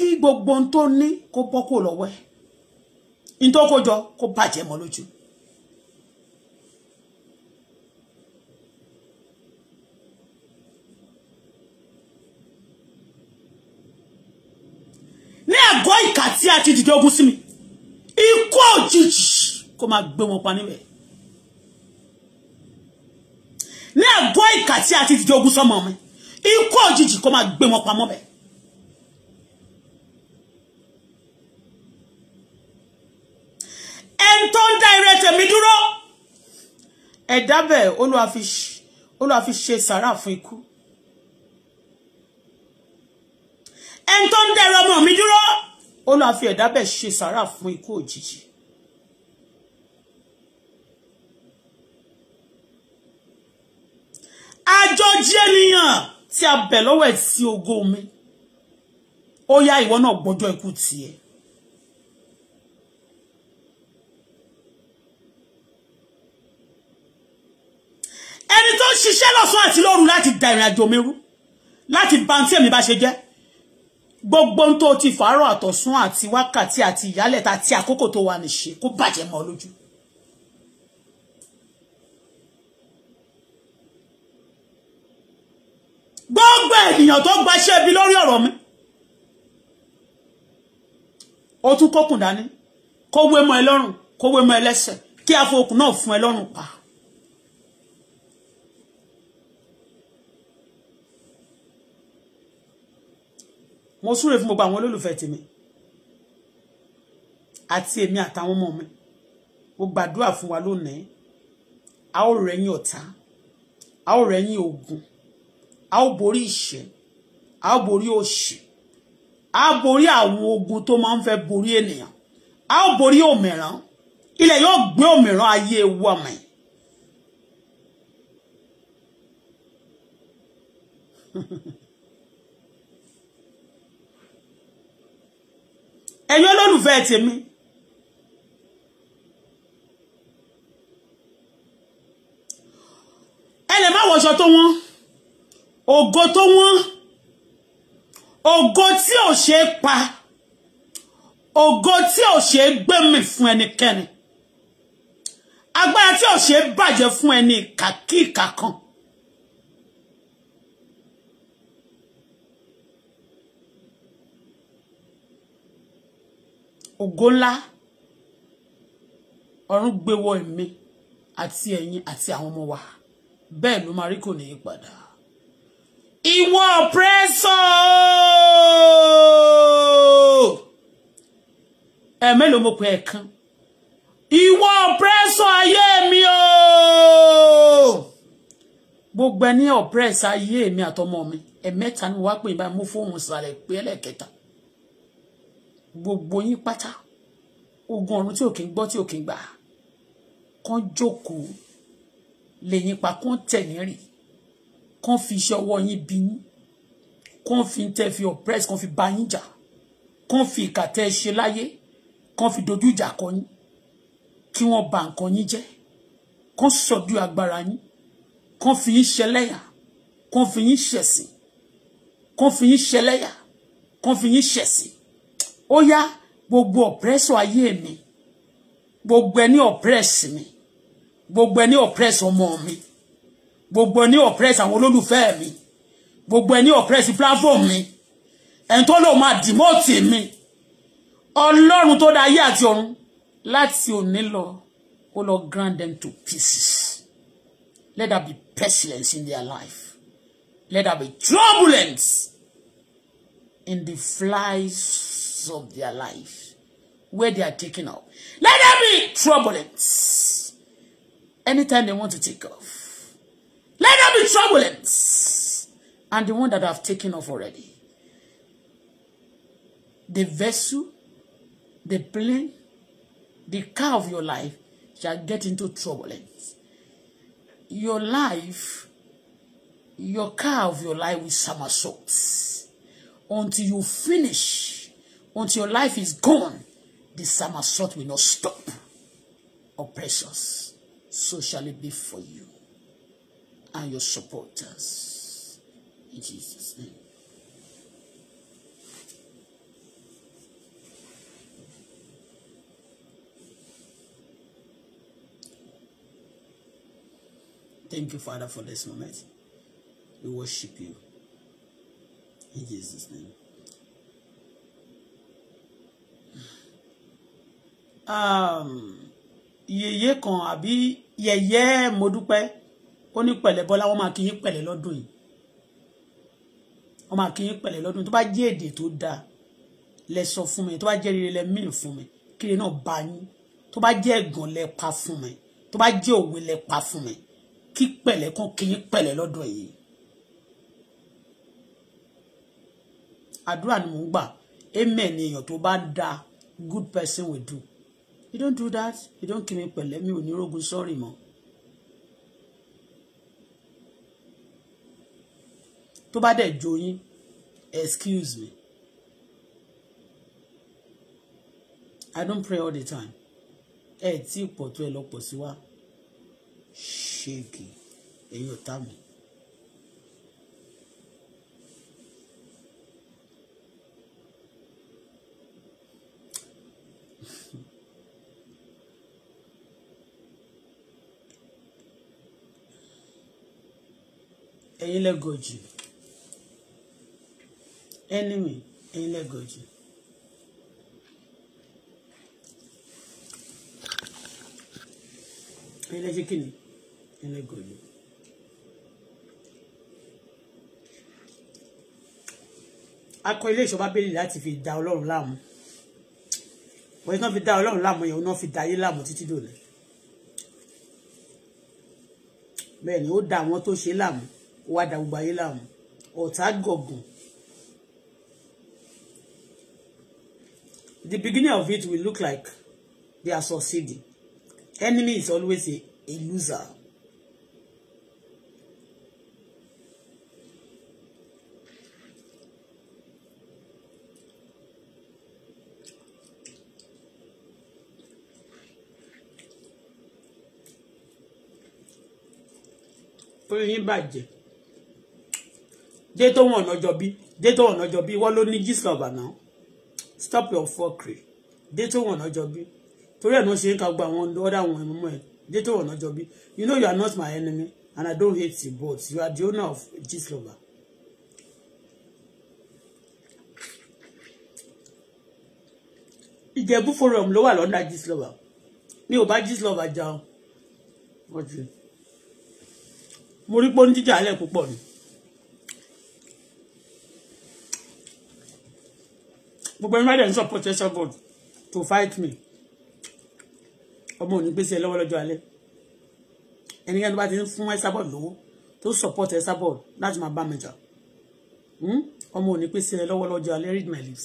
kí gbogbo ohun tó ní kó bọ́ kó lọ́wọ́ ẹ̀ ní kó bàjẹ́ mọ́ lójú. ní àgọ́ ìkà tí a ti dìde ogun sí mi ikú òjijì kó máa gbé wọn pa níbẹ̀ ní àgọ́ ìkà tí a ti dìde ogun sọ́mọ mi ikú òjijì kó máa gbé wọn pa mọ́bẹ̀. tèmi dúró ẹ̀dá bẹ́ẹ̀ olúwa fi ṣe sàrà fún ikú ẹni tó ń dẹrọ ọmọ mi dúró olúwa fi ẹ̀dá bẹ́ẹ̀ ṣe sàrà fún ikú òjijì àjọjí ènìyàn tí a bẹ̀ lọ́wọ́ ẹ̀ sí ògo mi ó yá ìwọ náà gbọ́jọ́ ikú tiẹ̀ ẹni tó ń ṣiṣẹ́ lọ́sàn àti lóru láti da ìrìn àjò mi rú láti ba tí èmi bá ṣe jẹ́ gbogbo ohun tó ti fàárọ̀ àtọ̀sán àti wákàtí àti ìyálẹ̀ta àti àkókò tó wà níṣe kó bàjẹ́ mọ́ lójú. gbogbo ènìyàn tó gbaṣẹ́ ibi lórí ọ̀rọ̀ mi ó tún kókùn dání kó wé mọ́ ẹ lọ́rùn kó wé mọ́ ẹ lẹ́sẹ̀ kí afọ okùn náà fún ẹ lọ́rùn pa. mo súre fún gbogbo àwọn olólùfẹ́ tèmi àti èmi àtàwọn ọmọ mi mo gbàdúrà fún wa lónìí a ó rẹ́yìn ọ̀tá a ó rẹ́yìn ogun a ó borí ìṣẹ́ a ó borí òṣì a ó borí àwọn ogun tó máa ń fẹ́ borí ènìyàn a ó borí òmìrán ilẹ̀ yóò gbé òmìrán ayé ewu ọmọ yìí. Ha ha ha. ẹ̀yin olólùfẹ́ tèmi ẹ lè má wọṣọ tó wọ́n ògo tó wọ́n ògo tí ò ṣe é pa ògo tí ò ṣe é gbẹ̀mí fún ẹnikẹ́ni agbára tí ò ṣe é bàjẹ́ fún ẹni ìkàkíkà kan ògo ńlá ọ̀run gbé wọ èmi àti ẹ̀yin àti àwọn ọmọ wa bẹ́ẹ̀ ló máa rí kò ní í padà. ìwọ pírẹ́sọ̀ ẹ̀ mélòó mo pe ẹ̀kan ìwọ pírẹ́sọ̀ ayé mi o gbogbo ẹni ọ̀pẹ́rẹ́sì ayé mi àtọmọ mi ẹ̀mẹ́ta ni wàá pè báyìí mo fóun sàlẹ̀ pé ẹlẹ́kẹta gbogbo yín pátá ogun ọ̀run tí ò kí ń gbọ́ tí ò kí ń gbà kán jókòó lẹ́yìn pa kán tẹ̀ nírìn kán fi iṣẹ́ ọwọ́ yín bí yín kán fi tẹ́ fi oppress kán fi ba yín jà kán fi ìkà ṣe láyé kán fi dojú ìjà kọ yín kí wọ́n ba nǹkan yín jẹ́ kán sọ̀dú agbára yín kán fi yín ṣẹlẹ́yà kán fi yín ṣẹ̀sìn kán fi yín ṣẹlẹ́yà kán fi yín ṣẹ̀sìn ó yá gbogbo ọ̀pẹ́sọ̀ ayé mi gbogbo ẹni ọ̀pẹ́sì mi gbogbo ẹni ọ̀pẹ́sì ọmọ mi gbogbo ẹni ọ̀pẹ́sì àwọn olólùfẹ́ mi gbogbo ẹni ọ̀pẹ́sì platform mi ẹni tó lò máa dìmọ́ọ̀tì mi ọlọ́run tó dá ayé àti ọ̀run láti òní lọ kó lọ grind them to pieces let there be pestilence in their life let there be turbulence in the flies parts of their life where they are taking off. Let them be turbulent. Anytime they want to take off. Let them be turbulent. And the one that have taken off already. The vessel, the plane, the car of your life shall get into turbulence. Your life, your car of your life will somersault until you finish Until your life is gone, this somersault will not stop. Oppressions, so shall it be for you and your supporters. In Jesus' name. Thank you, Father, for this moment. We worship you. In Jesus' name. Um, yèyé kan àbí yẹ̀yẹ́ Modúpẹ́ ó ní pẹ̀lẹ́ Bọ́lá wọ́n máa kí yín pẹ̀lẹ́ lọ́dún yìí wọ́n máa kí yín pẹ̀lẹ́ lọ́dún tó bá jẹ́ èdè tó dáa lẹ sọ fún mi tó bá jẹ́ rere lẹ mìíràn fún mi kíre náà bá yín tó bá jẹ́ ẹ̀gàn lẹ pa fún mi tó bá jẹ́ òwe lẹ pa fún mi kí pẹ̀lẹ́ kan kí yín pẹ̀lẹ́ lọ́dún yìí. àdúrà ni mò ń gbà amen ni èèyàn tó bá dáa good person will do you don't do that you don't kí me pẹ̀lẹ́ mi ò ní rogun sọ́ọ̀rì mọ́. tó bá dẹ̀ jó yín excuse me I don't pray all the time ẹ tí pọ̀ tó ẹ lọ pọ̀ sí wa ṣéèkì ẹ̀yin ọ̀tá mi. ẹ̀yin lẹ́gọ̀jì enemy ẹ̀yin lẹ́gọ̀jì. ẹ̀yin lẹ́sẹ̀ kìíní ẹ̀yin lẹ́gọ̀jì. akọ ilé ìṣọba bẹ́ẹ̀lì láti fi da ọlọ́run láàmú wọ́n iná fi da ọlọ́run láàmú yẹn iná fi da ayé láàmú títí dòní bẹ́ẹ̀ ni ó da àwọn tó ṣe láàmú kó wá da gbogbo ayé láàmú ọ̀tá gọ̀gùn the beginning of it will look like they are succeeding enemy is always a, a loser. orí yín bàjẹ́ dé tó wọn ọ̀nàjọ bí dé tó wọn ọ̀nàjọ bí wọ́n ló ní jísọ̀ ọ̀bàná stop your fokiri dé tó wọn ọ̀nàjọ bí torí ẹ̀ náà ṣe ń ka gba àwọn ọ̀dà wọn ẹ̀mú ẹ̀ dé tó wọn ọ̀nàjọ bí you know you are not my enemy and I don't hate you but you are the owner of gislover. ìjẹ̀bú forum ló wà lọ́ndà gislover mi ò bá gislover jà ọ́ mo rí pé ó ń jíjà alẹ́ púpọ̀ ni. gbogbo ẹni mẹ́rin sọ protection god to fight me ọmọ ò ní gbèsè lọ́wọ́ lọ́jọ́ alẹ́ ẹnikẹ́ni tó bá ti ń fún Esabod lówó tó support Esabod láti máa bá mi jà hmm? ọmọ ò ní pèsè lọ́wọ́ lọ́jọ́ alẹ́ read my lips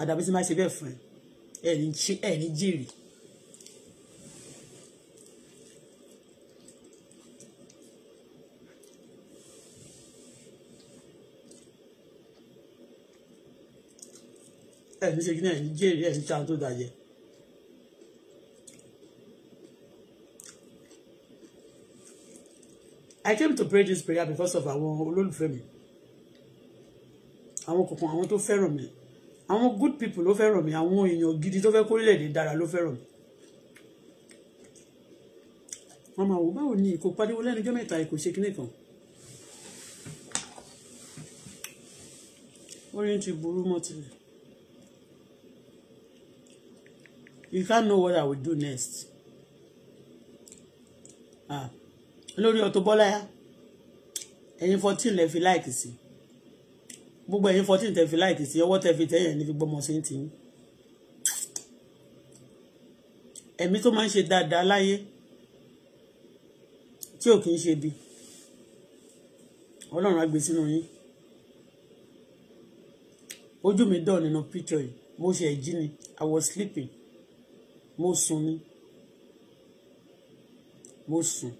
àdàbí tí máa ṣe bẹ́ẹ̀ fún ẹ ẹ̀ ní jèrè. ẹ̀mí ṣe kí ní ẹ̀yìn jèrè ẹ̀yìn tó dàjẹ́. I came to pray this prayer because of àwọn olólùfẹ́ mi àwọn kọ̀ọ̀kan àwọn tó fẹ́ràn mi àwọn good people ló fẹ́ràn mi àwọn èèyàn gidi tó fẹ́ kórílẹ̀-èdè dára ló fẹ́ràn mi. wọ́n máa wò báwo ni ìkó pariwo lẹ́nu jọ́ mẹ́ta ìkó ṣe kíní kan. orin ti burú mọ́ tilẹ̀. you can't know what I will do next. Ah, olórí Auto Bola ẹ̀yin fourteen lẹ fi láìkì sí gbogbo ẹ̀yin fourteen tẹ fi láìkì sí ọwọ́ tẹ fi tẹ́yìn ní fi gbọ́mọ sí ti yín ẹ̀mí tó máa ń ṣe dáadáa láyé tí ò kì í ṣe bí ọlọ́run á gbé sínú yín ojú mi dọ̀ nínú picture yìí mo ṣe jí ni I was sleeping mo sùn ni mo sùn.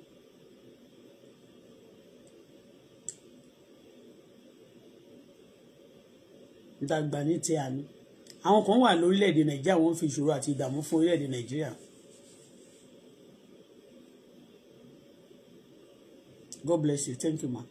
dàgbà ní ti àná àwọn kan wà lórílẹ̀‐èdè nàìjíríà wọ́n ń fi ìṣòro àti ìdààmú fún orílẹ̀‐èdè nàìjíríà. God bless you. Thank you, ma.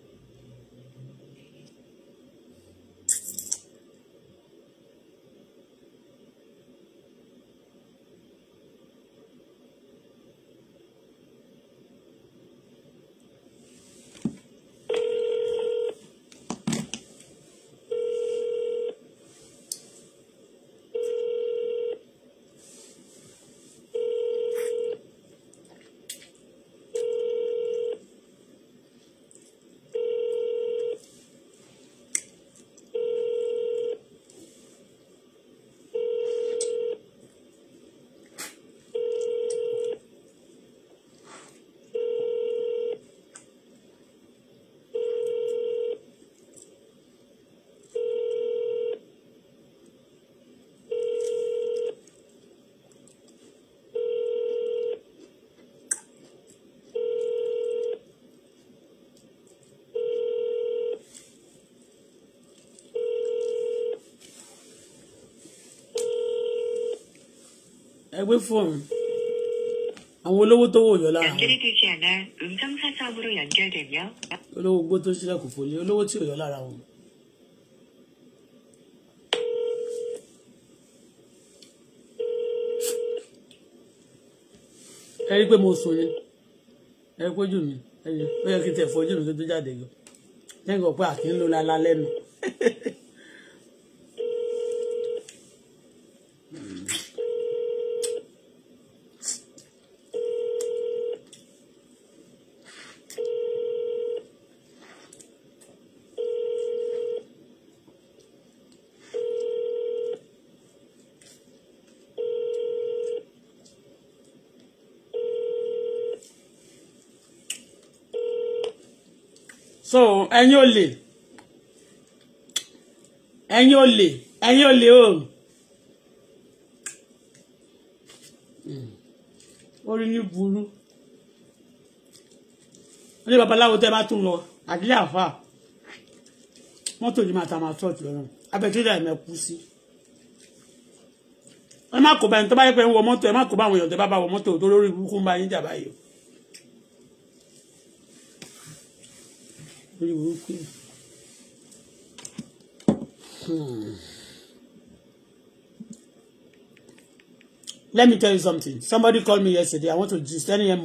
ẹ gbé fóònù àwọn olówó tó wò yọ lára wọn olówó gbó tó ṣílẹ̀kùn fòlé olówó tí ò yọ lára wọn. ẹ rí i pé mo sùn ni ẹ rí i pé ojú mi ẹ yẹ kí n tẹ̀ fọ ojú mi tó tó jáde gan lẹ́yìn kan àkínlò lálá lẹ́nu. ẹ̀yin olè ẹ̀yin olè ẹ̀yin olè o hmm. orí ní burú ilé babaláwo tẹ́ bá tún lọ àdílé àfa mọ́tò yìí máa ta máa tọ́ọ̀tì lọ́rùn abẹ́tẹ́lẹ̀ ẹ̀mẹ́ kú sí ẹ má kó bá ẹni tó bá yẹ pé ń wọ mọ́tò ẹ má kó bá àwọn èèyàn tó bá bá wọ mọ́tò tó lórí burúkú bá yín jà báyìí orí burúkú yìí. Let me tell you something. Somebody called me yesterday. I want to just Ẹni yẹn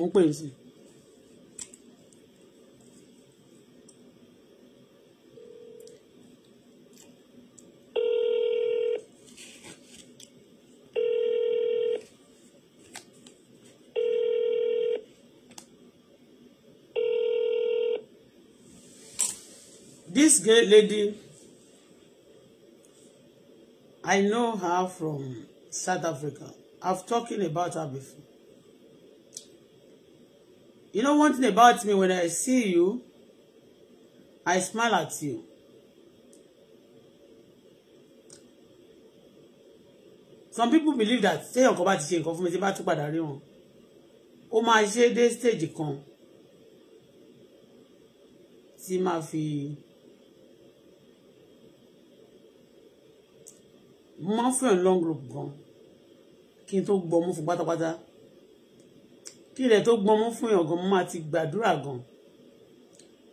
gay lady, I know her from South Africa. I've talking about her before. You know one thing about me, when I see you, I smile at you. Some people believe that ṣé ọkọ bá ti ṣe nǹkan mi tí bá tún padà rí wọn ó máa ṣe dé stage kan tí máa fi. mo máa ń fún yàn long rope gan kí n tó gbọmú fún pátápátá kí ilẹ̀ tó gbọmú fún yàn gan mo máa ti gbàdúrà gan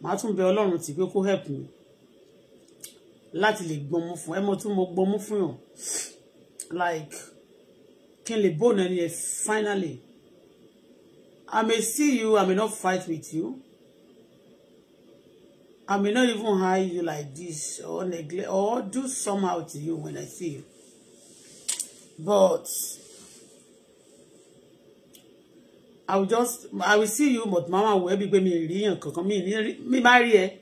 màá tún bẹ ọlọ́run tì pé kó help mi láti lè gbọmú fún ẹ mọ tún mo gbọmú fún yàn like kí n lè bóun ẹni yẹn finally I may see you I may not fight with you. I may not even hide you like this or neglect or do somehow to you when I see you. But I will just I will see you but mama will be going mi rí and come mi Me mi má rí ẹ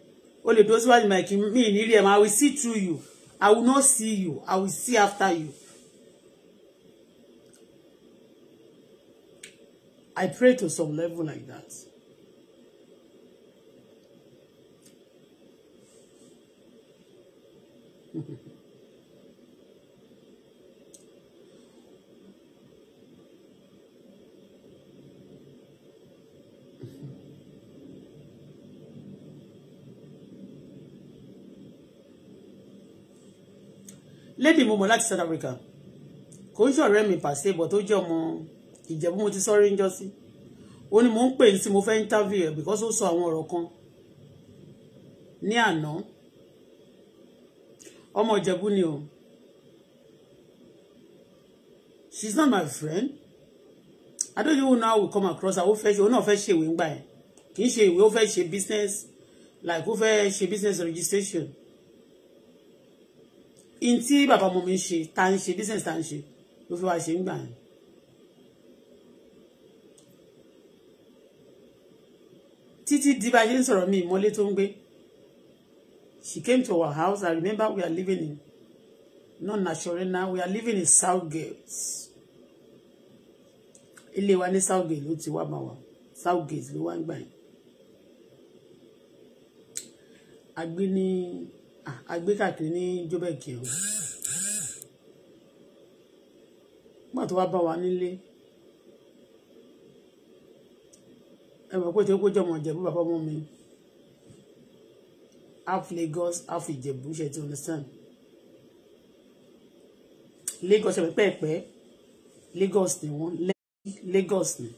o lè dúró síwájú mi kí I will see through you I will not see you I will see after you. I pray to some level like that. lady mo mọ̀ láti South Africa kò ń ṣọ̀rẹ́ mi pàṣẹ bọ̀ tó jẹ́ ọmọ ìjẹ̀bú mo ti sọ́rí ń jọ sí ó ní mò ń pè ní tí mo fẹ́ interview ẹ̀ because ó sọ àwọn ọ̀rọ̀ kan ní àná ọmọ ìjẹ̀bú ni o she's not my friend I don't even know how we come across her ó fẹ́ ṣe òun náà fẹ́ ṣe ìwé ńgbà yẹn kì í ṣe ìwé ó fẹ́ ṣe business like ó fẹ́ ṣe business registration in tí bàbá ọmọ mi ń ṣe tá ń ṣe business tá ń ṣe ló fi wá ṣe ń gbà yẹn. títí di bá a ṣe ń mi ìmọ̀lé tó ń gbé she came to our house I remember we are living in not Nasarena we are living in Southgate ilé wa ní Southgate ló ti wá bá wa Southgate ló wá ń gbà yẹn. a gbé agbékàkiri ah, ní jọ́bẹ̀kì o nígbà tó wá bá wa nílé ẹ mọ̀ pé tí ó kójọ́ ọmọ ìjẹ̀bú bàbá ọmọ mi half Lagos half ìjẹ̀bú ṣe ti understand Lagos ṣe pẹ́ẹ́pẹ́ Lagos ni wọ́n Lagos ni.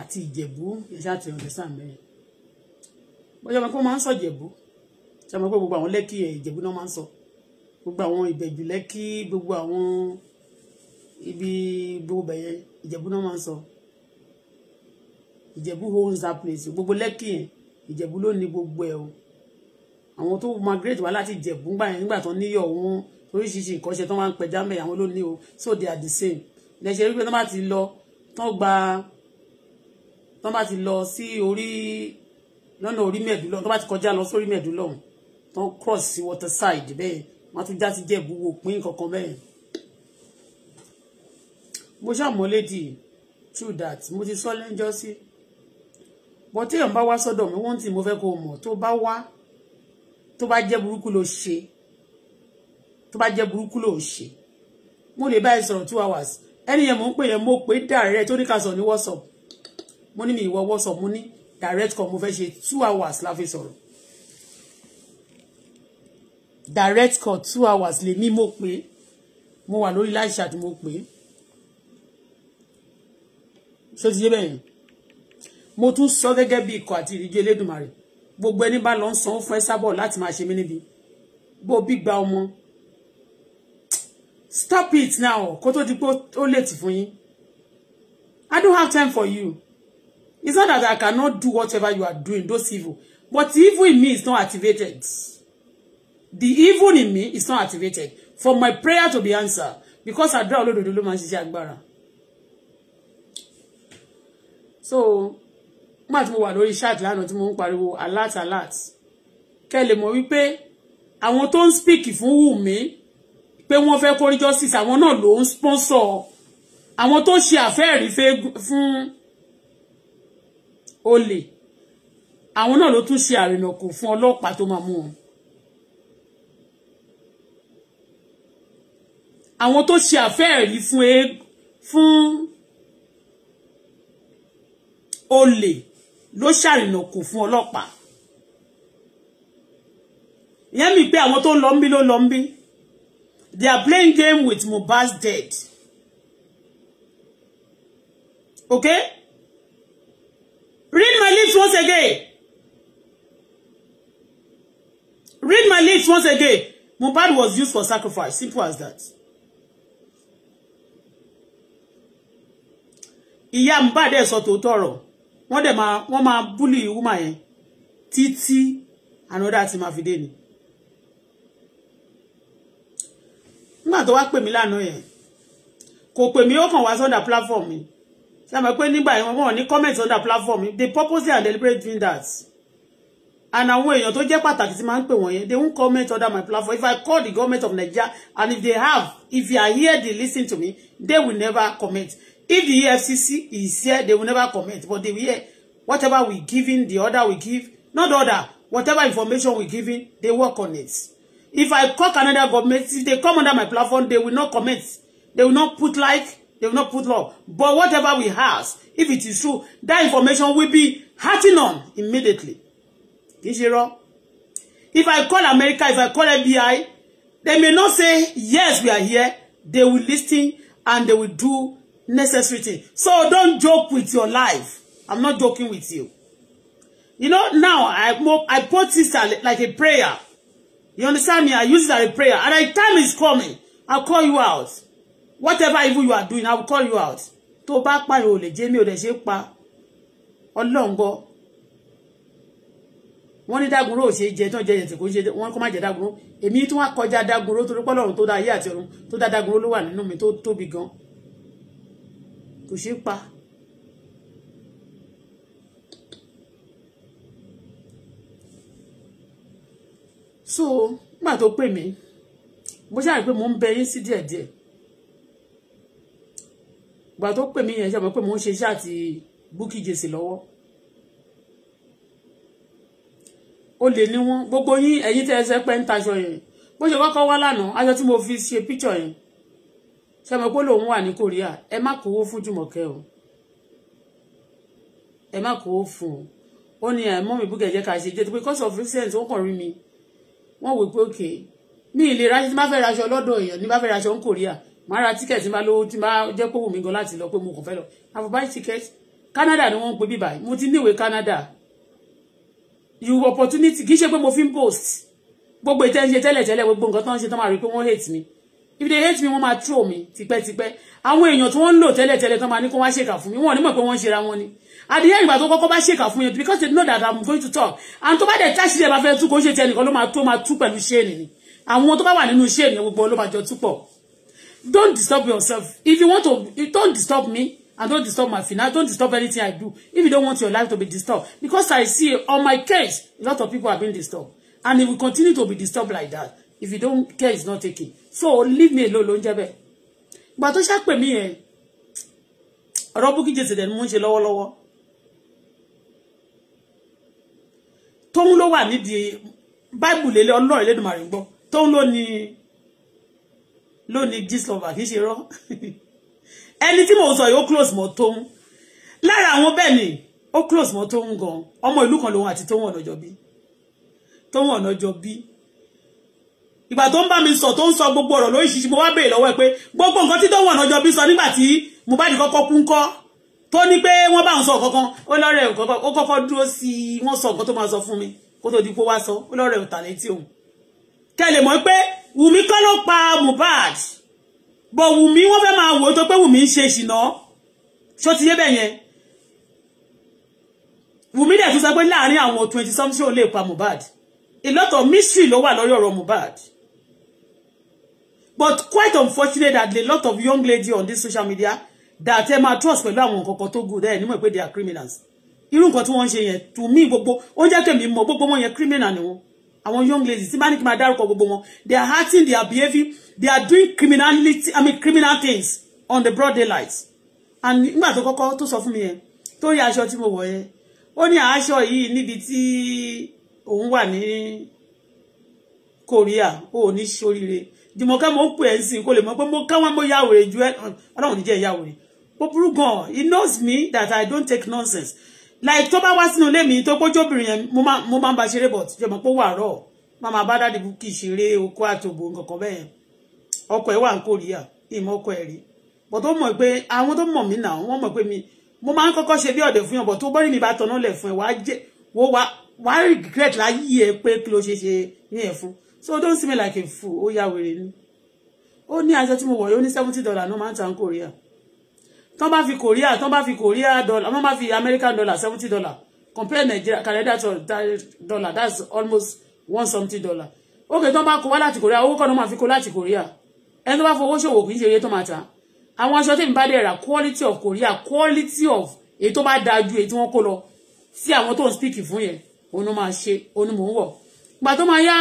àti ìjẹ̀bú ẹ̀ṣá ti ọ̀dẹ̀ sàmẹ́yìn bọ́jọ́ máa pé wọ́n máa ń sọ ìjẹ̀bú ṣe máa pé gbogbo àwọn lẹ́kì eh, ìjẹ̀bú náà máa ń sọ gbogbo àwọn ìbẹ̀jú lẹ́kì gbogbo àwọn ibi gbogbo bẹ̀yẹ ìjẹ̀bú náà máa ń sọ ìjẹ̀bú holds that place gbogbo lẹ́kì yẹn ìjẹ̀bú ló ní gbogbo ẹ̀ o àwọn tó migrate wá láti ìjẹ̀bú ńgbà yẹn nígbà tó níyọ̀ wọn oríṣiríṣi nǹkan ṣe tó máa ń pẹja mẹ́ àwọn ló ní o so they are the same lẹ́sẹ̀ wípé tó bá ti lọ tó gba tó bá ti lọ sí orí lọ́nà orí mẹ́ẹ̀dúlọ́run tó bá ti kọjá lọ sórí mẹ́ẹ̀dúlọ́run tó ń cross sí water side bẹ́ẹ̀ wọ́n tún já sí jẹ̀bú wo pín kankan bẹ́ẹ̀. mo ṣàmọ́lédì true that mo ti sọ lẹ́jọ́ sí bọ́ téèyàn bá wá sọ́dọ̀ mi wọ́n ti mo fẹ́ kó o mọ̀ tó bá wá tó bá jẹ́ burúkú ló ṣe tó bá jẹ́ burúkú ló ṣe mo lè báyìí sọ̀rọ̀ two hours ẹni yẹn mò ń pè yẹn mo pè dàrẹ́ tó ní ká sọ ní WhatsApp mo ní mi ìwọ WhatsApp mo ní direct call mo fẹ́ ṣe two hours la fi sọ̀rọ̀ direct call two hours lèmi mo pé mo wà lórí live chat mo pé ṣé ti yé bẹ́yẹn mo tún sọ gẹ́gẹ́ bí ikọ̀ àti ìrìnjú Elédùmarè gbogbo ẹni bá lọ ń sanwó fún ẹ sábọ̀ láti máa ṣe mí níbi bó bí gba ọmọ stop it now kó tó di pé ó lè tì fún yín I don't have time for you. It's not that I cannot do whatever you are doing, those evil. But the evil in me is not activated. The evil in me is not activated. For my prayer to be answered. Because àdúrà olódodo ló máa ń ṣiṣẹ́ agbára. So, much more. mo shout. lórí chat lánàá tí mo ń pariwo alert alert. Kẹ́ lè mọ̀ wípé àwọn tó ń speak fún Wùmí pé wọ́n fẹ́ kórí justice I náà ló ń sponsor I want àwọn tó ṣe àfẹ́ẹ̀rí fún olè àwọn náà ló tún ṣe àrìnà kò fún ọlọ́pàá tó máa mú wọn. àwọn tó ṣe àfẹ́ẹ̀rí fún e fún olè ló ṣàrìnà kò fún ọlọ́pàá ìyẹn mi pé àwọn tó ń lọ ń bí ló lọ ń bí they are playing game with Mohbad's dead okay. Read my lips once again. Read my lips once again. Mohbad was used for sacrifice. Simple as that. Ìyá Mohbad dẹ̀ sọ tòótọ́ ọ̀rọ̀. Wọ́n dẹ̀ máa wọ́n máa búlì wúmà Titi, and all that. máa fi dé ni. Nígbà tó wá pè mí lánàá yẹn, kò pè mí ó kàn wá platform mi ṣe mọ̀ pé nígbà yẹn wọ́n ní comment on that platform they purposely and deliberately doing that and àwọn èèyàn tó jẹ́ pàtàkì tí máa ń they won't comment under my platform if I call the government of Nigeria and if they have if you are here they listen to me they will never comment if the EFCC is here they will never comment but they will hear whatever we give in, the order we give not the order whatever information we give in, they work on it if I call Canada government if they come under my platform they will not comment they will not put like They will not put law. But whatever we have, if it is true, that information will be hurting on immediately. Is it wrong? If I call America, if I call FBI, they may not say, yes, we are here. They will listen and they will do necessary thing. So don't joke with your life. I'm not joking with you. You know, now I, I put this like a prayer. You understand me? I use it as a prayer. And a time is coming. I'll call you out whatever evil you are doing i will call you out To bá pààyàn ò lè jẹ́ mi ò dẹ̀ ṣe pa ọlọ́ngọ́ wọ́n ní dágunró ò ṣe jẹ tó ń jẹ ẹ̀sìn kò ṣe wọ́n kọ́ má jẹ dágunró èmi tí wọ́n kọjá dágunró torí pọ́lọ́run tó dá ayé àti ọ̀run tó dá dágunró ló wà nínú mi tó tóbi gan kò ṣe pa. so nígbà tó pè mí mo ṣáà rí i pé mo ń bẹ yín sí díẹ̀díẹ̀ ìgbà tó pè mí yẹn ṣe mọ̀ pé mò ń ṣe iṣẹ́ àti Bukky Jesse lọ́wọ́ ó lè ní wọn gbogbo yín ẹ̀yin tẹ́ ẹsẹ̀ pẹ́ ń taṣọ yẹn bó ṣe kọ́kọ́ wá lánàá aṣọ tí mo fi ṣe píṣọ yẹn ṣe mọ̀ pé lòun wà ní Korea ẹ má kówó fún Jùmọ̀kẹ́ o ẹ má kówó fún o ó ní ẹ mọ́ mi Bukky jẹ́ ká ṣe jẹ́ pé cause of recent ó kàn rí mi wọ́n wò pé òkè mi ìlera ṣe tí má fẹ́ raṣọ lọ́dọ̀ èèyàn ní má fẹ́ raṣọ ń Korea màá ra ticket tí n bá lówó tí n jẹ́ pé wù gan láti lọ pé mo kàn fẹ́ lọ I will buy ticket Canada ni wọ́n ń pè bí báyìí mo ti níwèé Canada you opportunity kì í ṣe pé mo fi ń post gbogbo ìtẹ́ ń ṣe tẹ́lẹ̀ tẹ́lẹ̀ gbogbo nǹkan tó ń ṣe tó máa rí pé wọ́n hate mi if they hate me wọ́n máa throw me. tipẹ́tipẹ́ àwọn èèyàn tí wọ́n ń lò tẹ́lẹ̀ tẹ́lẹ̀ tó máa ní kó wá ṣèkà fún mi wọ́n ò ní mọ̀ pé wọ́n ń ṣera wọn ni àdìyẹ ìgbà tó kọ́kọ́ bá ṣèkà fún yẹn because they know that I'm going to talk and tó bá dẹ̀ táṣì lè bá fẹ́ tú kó ṣe tẹ́ nìkan ló máa tó máa tú pẹ̀lú ṣéènì ni àwọn tó bá wà nínú ṣéènì gbogbo ló máa jọ túpọ̀ don't disturb yourself if you want to you don't disturb me and don't disturb my finance don't disturb anything I do if you don't want your life to be disturbed because I see on my case a lot of people have been disturbed and it will continue to be disturbed like that if you don't care it's not taking so leave me alone ló But jẹ́ bẹ́ẹ̀ gbà tó ṣàpè mí yẹn ọ̀rọ̀ Bukky Jesse dẹ̀ ni mo the Bible lọ́wọ́lọ́wọ́ tóun ló wà nídìí báìbù lélẹ̀ lónìí gist lover kì í ṣe rọ ẹni tí mò ń sọ yìí ó close mọ́ tóun lára àwọn bẹ́ẹ̀ ni ó close mọ́ tóun gan ọmọ ìlú kan lòun àti tóun ọ̀nàjọ́ bí tóun ọ̀nàjọ́ bí ìgbà tó ń bá mi sọ tó ń sọ gbogbo ọ̀rọ̀ lóríṣiríṣi mo wá béèrè lọ́wọ́ ẹ pé gbogbo nǹkan tí tóun ọ̀nàjọ́ bí sọ nígbà tí Mohbad kọ́kọ́ kú ń kọ́ tó ní pé wọ́n bá ń sọ kankan ó lọ́rẹ̀ ó kọ́kọ́ dúró sí wọ́n sọ nǹkan tó máa sọ fún mi kó tó di pé wá sọ ó lọ́rẹ̀ ò òun kẹlẹ̀ mọ́ pé Wùmí kọ́ ló pa Mohbad bọ̀ Wùmí wọ́n fẹ́ máa wò ó tó pé Wùmí ń ṣe ìṣìná ṣó ti yé bẹ́ẹ̀ yẹn Wùmí dẹ̀ tún sọ pé láàárín àwọn twenty something ò lè pa Mohbad a lot of mystery ló wà lórí ọ̀rọ̀ Mohbad but quite unfortunate that a lot of young lady on this social media that ẹ máa trust pẹ̀lú àwọn nǹkan kan tó good ẹ̀ nímọ̀ pé they are criminals irú nǹkan tí wọ́n ń ṣe yẹn to me gbogbo ó ń jẹ́ kẹ́mi mọ̀ gbogbo wọn yẹn criminal ni wọ́n àwọn young ladies tí bá ní kí máa dárúkọ gbogbo wọn they are hurting they are behaving they are doing criminality i mean criminal things on the broad daylight and nígbà tó kọ́kọ́ tó sọ fún mi yẹn tó rí aṣọ tí mo wọ̀ yẹn ó ní aṣọ yìí níbi tí òun wà ní Korea ó ní ṣoríire jùmọ̀ká mo ń pè ẹ́ ń sìn kó lè mọ̀ pé mo káwọn mo yàwòrè ju ẹ ọlọ́run níjẹ́ yàwòrè ó burú gan he knows me that i don't take nonsense like tó bá wá sínú ilé mi tó kójú obìnrin yẹn mo máa ń ba ṣeré but jọmọ pé wà rọ má máa bá dáàdì búkì ṣeré oko àtòbò nǹkan bẹ́ẹ̀ ọkọ ẹ̀ wà ń kórìíyà ìmọ̀ ọkọ ẹ̀ rí but tó mọ̀ pé àwọn tó mọ̀ mí nà wọ́n mọ̀ pé mi mo máa ń kọ́kọ́ ṣe bí ọ̀dẹ̀ fún yàn but tó bọ́rí mi bá tọ̀nà lẹ̀ fún ẹ̀ wá jẹ́ wo wa. wá regret láyé ẹ pé kí ló ṣe ṣe ní ẹ̀ fún so don't see me like a fool ó yà wèrè ni ó ní aṣọ tí mo wọ̀ yóò ní seventy dollars. ló máa ń ta ń kórìíyà tán bá fi korea tán bá fi korea dollar wọ́n bá fi american dollar seventy dollar compare nigeria canada dollar that's almost one something dollar ok tán bá kó wá láti korea owó kan náà máa fi kó láti korea ẹni tó bá fowó ṣòwò kì í ṣe iye tó máa ta àwọn aṣọ tí mi bá dẹ̀ ra quality of korea quality of èyí tó bá dáa ju èyí tí wọ́n kó lọ sí àwọn tó ń speak fún yẹn òun ló máa ṣe òun mò ń wọ̀ gbà tó máa yá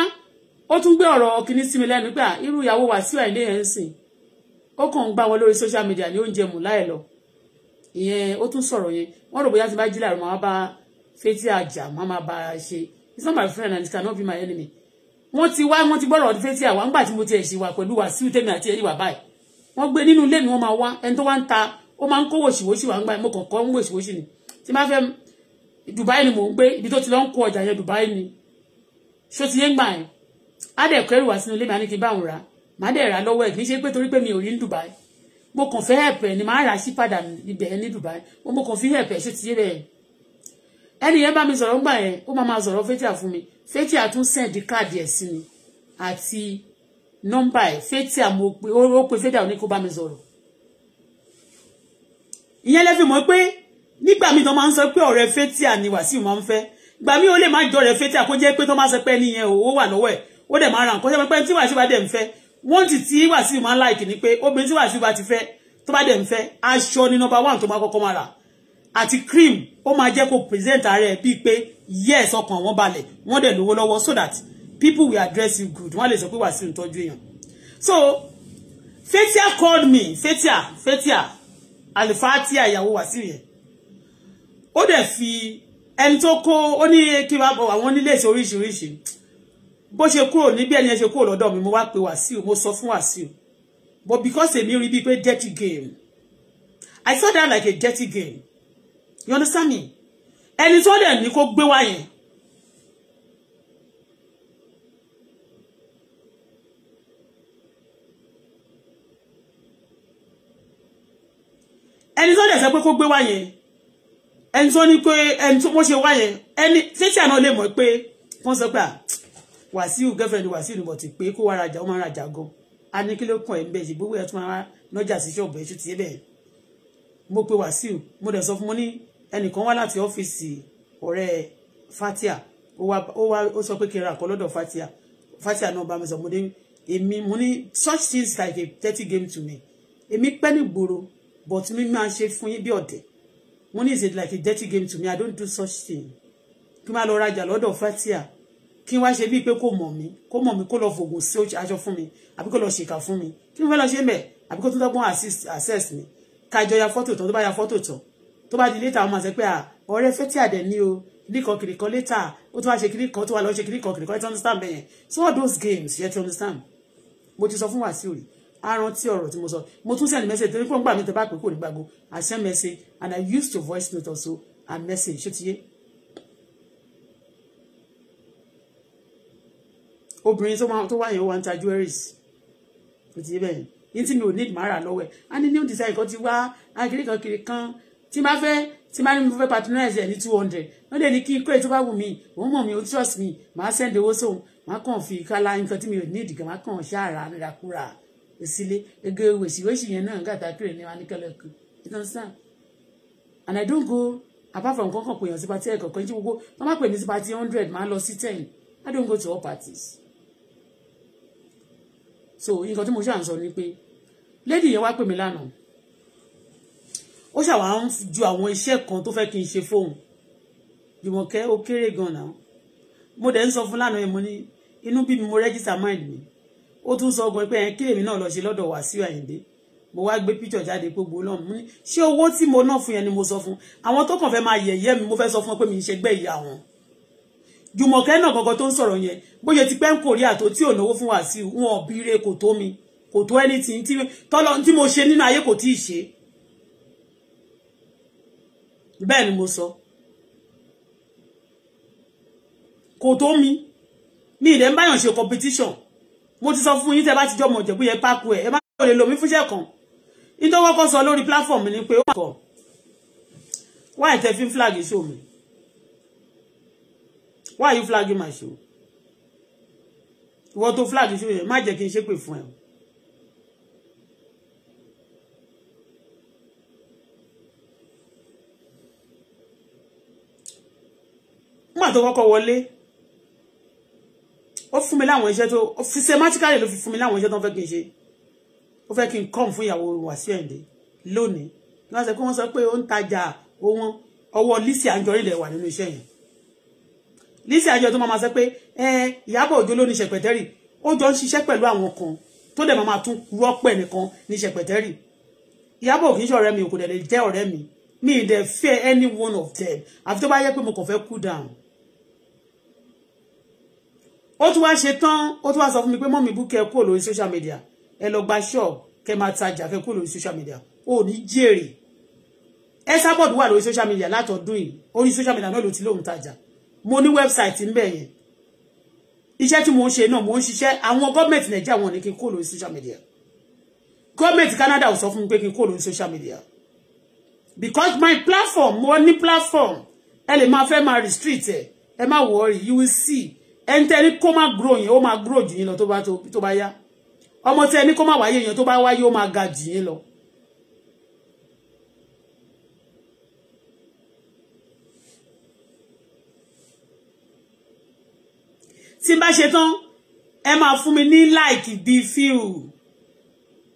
ó tún gbé ọ̀rọ̀ kìíní sí mi lẹ́nu pé irú ìyàwó wàsíù àìlè yẹn ń sìn ó kàn ń gbá wọn lórí social media ní oúnjẹ mù láì lọ ìyẹn ó tún sọ̀rọ̀ yẹn wọ́n rò bóyá ti bá jí làrú màá bá fetí àjà màá máa bá a ṣe it's not my friend and it cannot be my enemy wọ́n ti wá wọ́n ti gbọ́dọ̀ fetí àwa ńgbà tí mo ti ẹ̀sìn wà pẹ̀lú Wàsíù tèmi àti ẹ̀yìn wà báyìí wọ́n gbé nínú ilé mi wọ́n máa wá ẹni tó wá ń ta ó máa ń kó wòṣìwòṣì wà ńgbà mo kàn kọ́ ń wòṣìwòṣì ni tí máa fẹ́ Dubai ni mò ń gbé ibi tó ti lọ ń kó ọjà yẹn Dubai ni ṣó ti yé ń gbà yẹn á dẹ̀ kẹ́rù wá sínú ilé mi á ní kí n bá òun rà á màá dẹ̀ ra lọ́wọ́ ẹ̀ kì í ṣe pé torí pé mi ò rí ní Dubai mo kàn fẹ́ ẹ̀pẹ̀ ni màá rà sí padà ibẹ̀ ní Dubai mo kàn fi ẹ̀pẹ̀ ṣó ti yé bẹ́ẹ̀ ẹni yẹn bá mi sọ̀rọ̀ ńgbà yẹn ó máa ma sọ̀rọ̀ fétíà fún mi fétíà tún sẹ́ǹdì káàdì ẹ̀ sí mi àti nọ́mbà ẹ̀ fétíà mo pe ó pe fétíà ó ní kó bá mi sọ̀rọ̀ ìyẹn lẹ́fì mọ́ pé nígbà míì tó máa ń sọ pé ọ̀rẹ́ fétíà ni Wàsíù máa ń fẹ́ gbà mí ó lè má jọ ọ̀rẹ́ fétíà kó jẹ́ pé tó máa sọ pé ẹni yẹn ò wà lọ́wọ́ ẹ̀ ó dẹ̀ máa ra nǹkan ṣe pé tí Wàsíù bá dẹ̀ ń fẹ́ wọ́n ti tí Wàsíù máa ń láìkì ni pé obìnrin tí Wàsíù bá ti fẹ́ tó bá dẹ̀ ń fẹ́ aṣọ ni nọmba one tó máa kọ́kọ́ máa rà àti cream ó máa jẹ́ kó present ara ẹ̀ bíi pé yes ọkàn wọn balẹ̀ wọ́n dẹ̀ lówó lọ́wọ́ so that people will address you good wọ́n lè sọ pé Wàsíù ń tọ́jú èèyàn so Fathia called me Fathia Fathia alifatia ìyàwó Wàsíù yẹn ó dẹ̀ fi ẹni tó kó ó ní kí n bá bọ̀ àwọn onílé ìṣe oríṣiríṣi bó ṣe kúrò níbi ẹni ẹ ṣe kúrò lọ́dọ̀ mi mo wá pe Wàsíù mo sọ fún Wàsíù but because èmi rí bíi pé dirty game I saw that like a dirty game you understand me ẹni tó dẹ̀ ní kó gbé wá yẹn ẹni tó dẹ̀ sọ pé kó gbé wá yẹn ẹni tó ní pé ẹni tó wọ́n ṣe wá yẹn ẹni títí àná lè mọ̀ pé wọ́n sọ pé à ah, wàsíù girlfriend wàsíù ni mo ti pé kó wá rajà ó máa rajà gan a ní kí ló kàn ẹ́ ń bẹ̀ ṣe gbogbo ẹ̀ tún máa nọ́jà sí ṣọ́ọ̀bù ẹ̀ ṣú ti mo pe wàsíù mo dẹ̀ sọ fún mo ní ẹnìkan wá láti ọ́fíìsì ọ̀rẹ́ fatia ó wá ó sọ pé kí n ra àkọ́ lọ́dọ̀ fatia fatia náà bá mi sọ mo ní èmi mo ní such things like a dirty game to me èmi pẹ́ ní gbòòrò but mi máa ṣe fún yín bí ọ̀dẹ̀ mo ní is it like a dirty game to me i don't do such thing kí n máa lọ rajà lọ́dọ̀ fatia kí n wá ṣe bíi pé kò mọ̀ mí kò mọ̀ mí kó lọ fògùn sí aṣọ fún mi àbí kó lọ ṣèkà fún mi kí n fẹ́ lọ ṣe mẹ́ àbí kó tún dọ́gbọ́n access mi kájọ ya fọ́tò tán tó bá ya fọ́tò tán tó bá di létà àwọn àti pé ọ̀rẹ́ fẹ́ tí àdẹ̀ ní o kíríkan kíríkan létà ó tún wá ṣe kíríkan tó wà lọ ṣe kíríkan kíríkan tó understand bẹ́ẹ̀ so all those games yẹ ti understand mo ti sọ fún Wàsíù rí arántí ọ̀rọ̀ tí mo sọ mo tún send message torí pé ó ń gbà mí tó bá pè kò ní gbàgbó I send message and I use to voice note also and message ṣé ti yé obìnrin tó wà yẹn wà ń ta jewelries kò ti bẹ́ẹ̀ yín tí mi ò ní ìmọ̀ràn lọ́wọ́ ẹ̀ á ní new design kan ti wá akiri kan kiri kan tí máa fẹ́ tí máa ní mo fẹ́ patronize ẹ̀ ní two hundred wọ́n lè ní kí n kó ètò bá wù mí òun mọ̀ mí ó trust mi màá send owó sóhun màá kàn fi kálá nǹkan tí mi ò ní ìdìgàn màá kàn ṣáàrà nírakúra ìsílé ege wèsìwèsì yẹn náà gàtà kiri ní wa ní kẹlẹ́kù you understand and I don't go apart from kankan pèèyàn sí party ẹ̀kọ̀ọ̀kan jí gbogbo wọ́n má pè mí sí party hundred màá lọ sí ten I don't go to all parties so nǹkan tí mo ṣáà ń sọ ni pé lady yẹn wá pè mí lánàá ó ṣàwà ń ju àwọn iṣẹ́ kan tó fẹ́ kí n ṣe fóun Jùmọ̀kẹ́ ó kéré gan-an mo dẹ̀ ń sọ fún lánàá yẹn mo ní inú bí mi mo rẹ́gísà mind mi ó tún sọ ọgbọ̀n pé ẹ̀ kí èmi náà lọ ṣe lọ́dọ̀ Wàsíù Àyìndé mo wá gbé píkṣọ̀ jáde gbogbo náà mo ní ṣé owó tí mo ná fún yẹn ni mo sọ fún àwọn tó kàn fẹ́ máa yẹ̀yẹ́ mi mo fẹ́ sọ fún pé mi ń ṣẹgbẹ́ ìyá wọn jùmọ̀kẹ́ náà gangan tó ń sọ̀rọ̀ yẹn bóyá ti pẹ́ ń kórè àtò tí ò náwó fún Wàsíù wọn ò kò tó mi kò tó anything tí tọ́lọ tí mo ṣe nínú ayé kò tí ṣe bẹ́ẹ̀ ni mo sọ kò tó mi mi ìdẹ́ ń báyàn ṣe competition mo ti sọ fún yín tẹ́ bá ti jọmọ ìjẹ̀bú yẹn pákó ẹ̀ ẹ má lè lò mí fúnṣẹ́ kan nítorí wọ́n kọ́ sọ lórí platform ni pé ó mà kọ́ wáyé tẹ́ fi ń flag show mi why are you flagging my show ìwọ tó flag show yẹn má jẹ́ kí n ṣépè fún ẹ. nígbà tó kọ́kọ́ wọlé ó fún mi láwọn iṣẹ́ tó systematically ló fi fún mi láwọn iṣẹ́ tó ń fẹ́ kí n ṣe ó fẹ́ kí n come fún ìyàwó Wàsíù Àyìndé lónìí wọ́n sọ pé wọ́n sọ pé ó ń tajà owó ọwọ́ Lizzy Anjorin lẹ̀ wà nínú iṣẹ́ yẹn Lizzy Anjorin tó máa ma sọ pé Ìyábọ̀ Òjó ló ní ṣẹ̀pẹ̀tẹ́rì ó jọ ń ṣiṣẹ́ pẹ̀lú àwọn kan tó dẹ̀ máa ma tún rọ́pẹ̀ nìkan ní ṣẹ̀pẹ̀tẹ́rì Ìyábọ̀ kì í ọ̀rẹ́ mi kò dẹ̀ jẹ́ ọ̀rẹ́ mi mi dẹ̀ fear any one of them àfi tó bá yẹ pé mo kàn fẹ́ cool down ó tún wá ṣe tán ó tún wá sọ fún mi pé mọ́mí bú kẹ́ kúrò lórí social media ẹ lọ gba ṣọ́ọ̀ kẹ́ máa tajà kẹ́ kúrò lórí social media ò ní jèrè ẹ sábọ̀dù wà lórí social media látọ̀dún yìí orí social media náà ló ti lóun tajà mo ní website ńbẹ̀ yẹn iṣẹ́ tí mo ń ṣe náà mo ń ṣiṣẹ́ àwọn gọ́ọ̀mẹ̀tì nàìjíríà wọn ni kí n kó social media gọ́ọ̀mẹ̀tì Canada ò sọ fún mi pé kí n social media because my platform mo ní platform ẹ lè máa fẹ́ máa restrict ẹ ẹ má worry you will see ẹni tẹ́ ní kó má grow yẹn ó máa grow jù yín lọ tó bá yá ọmọ tẹ́ ní kó má wáyé yẹn tó bá wáyé ó máa ga jù yín lọ. tí n bá ṣe tán ẹ máa fún mi ní like bíi fíù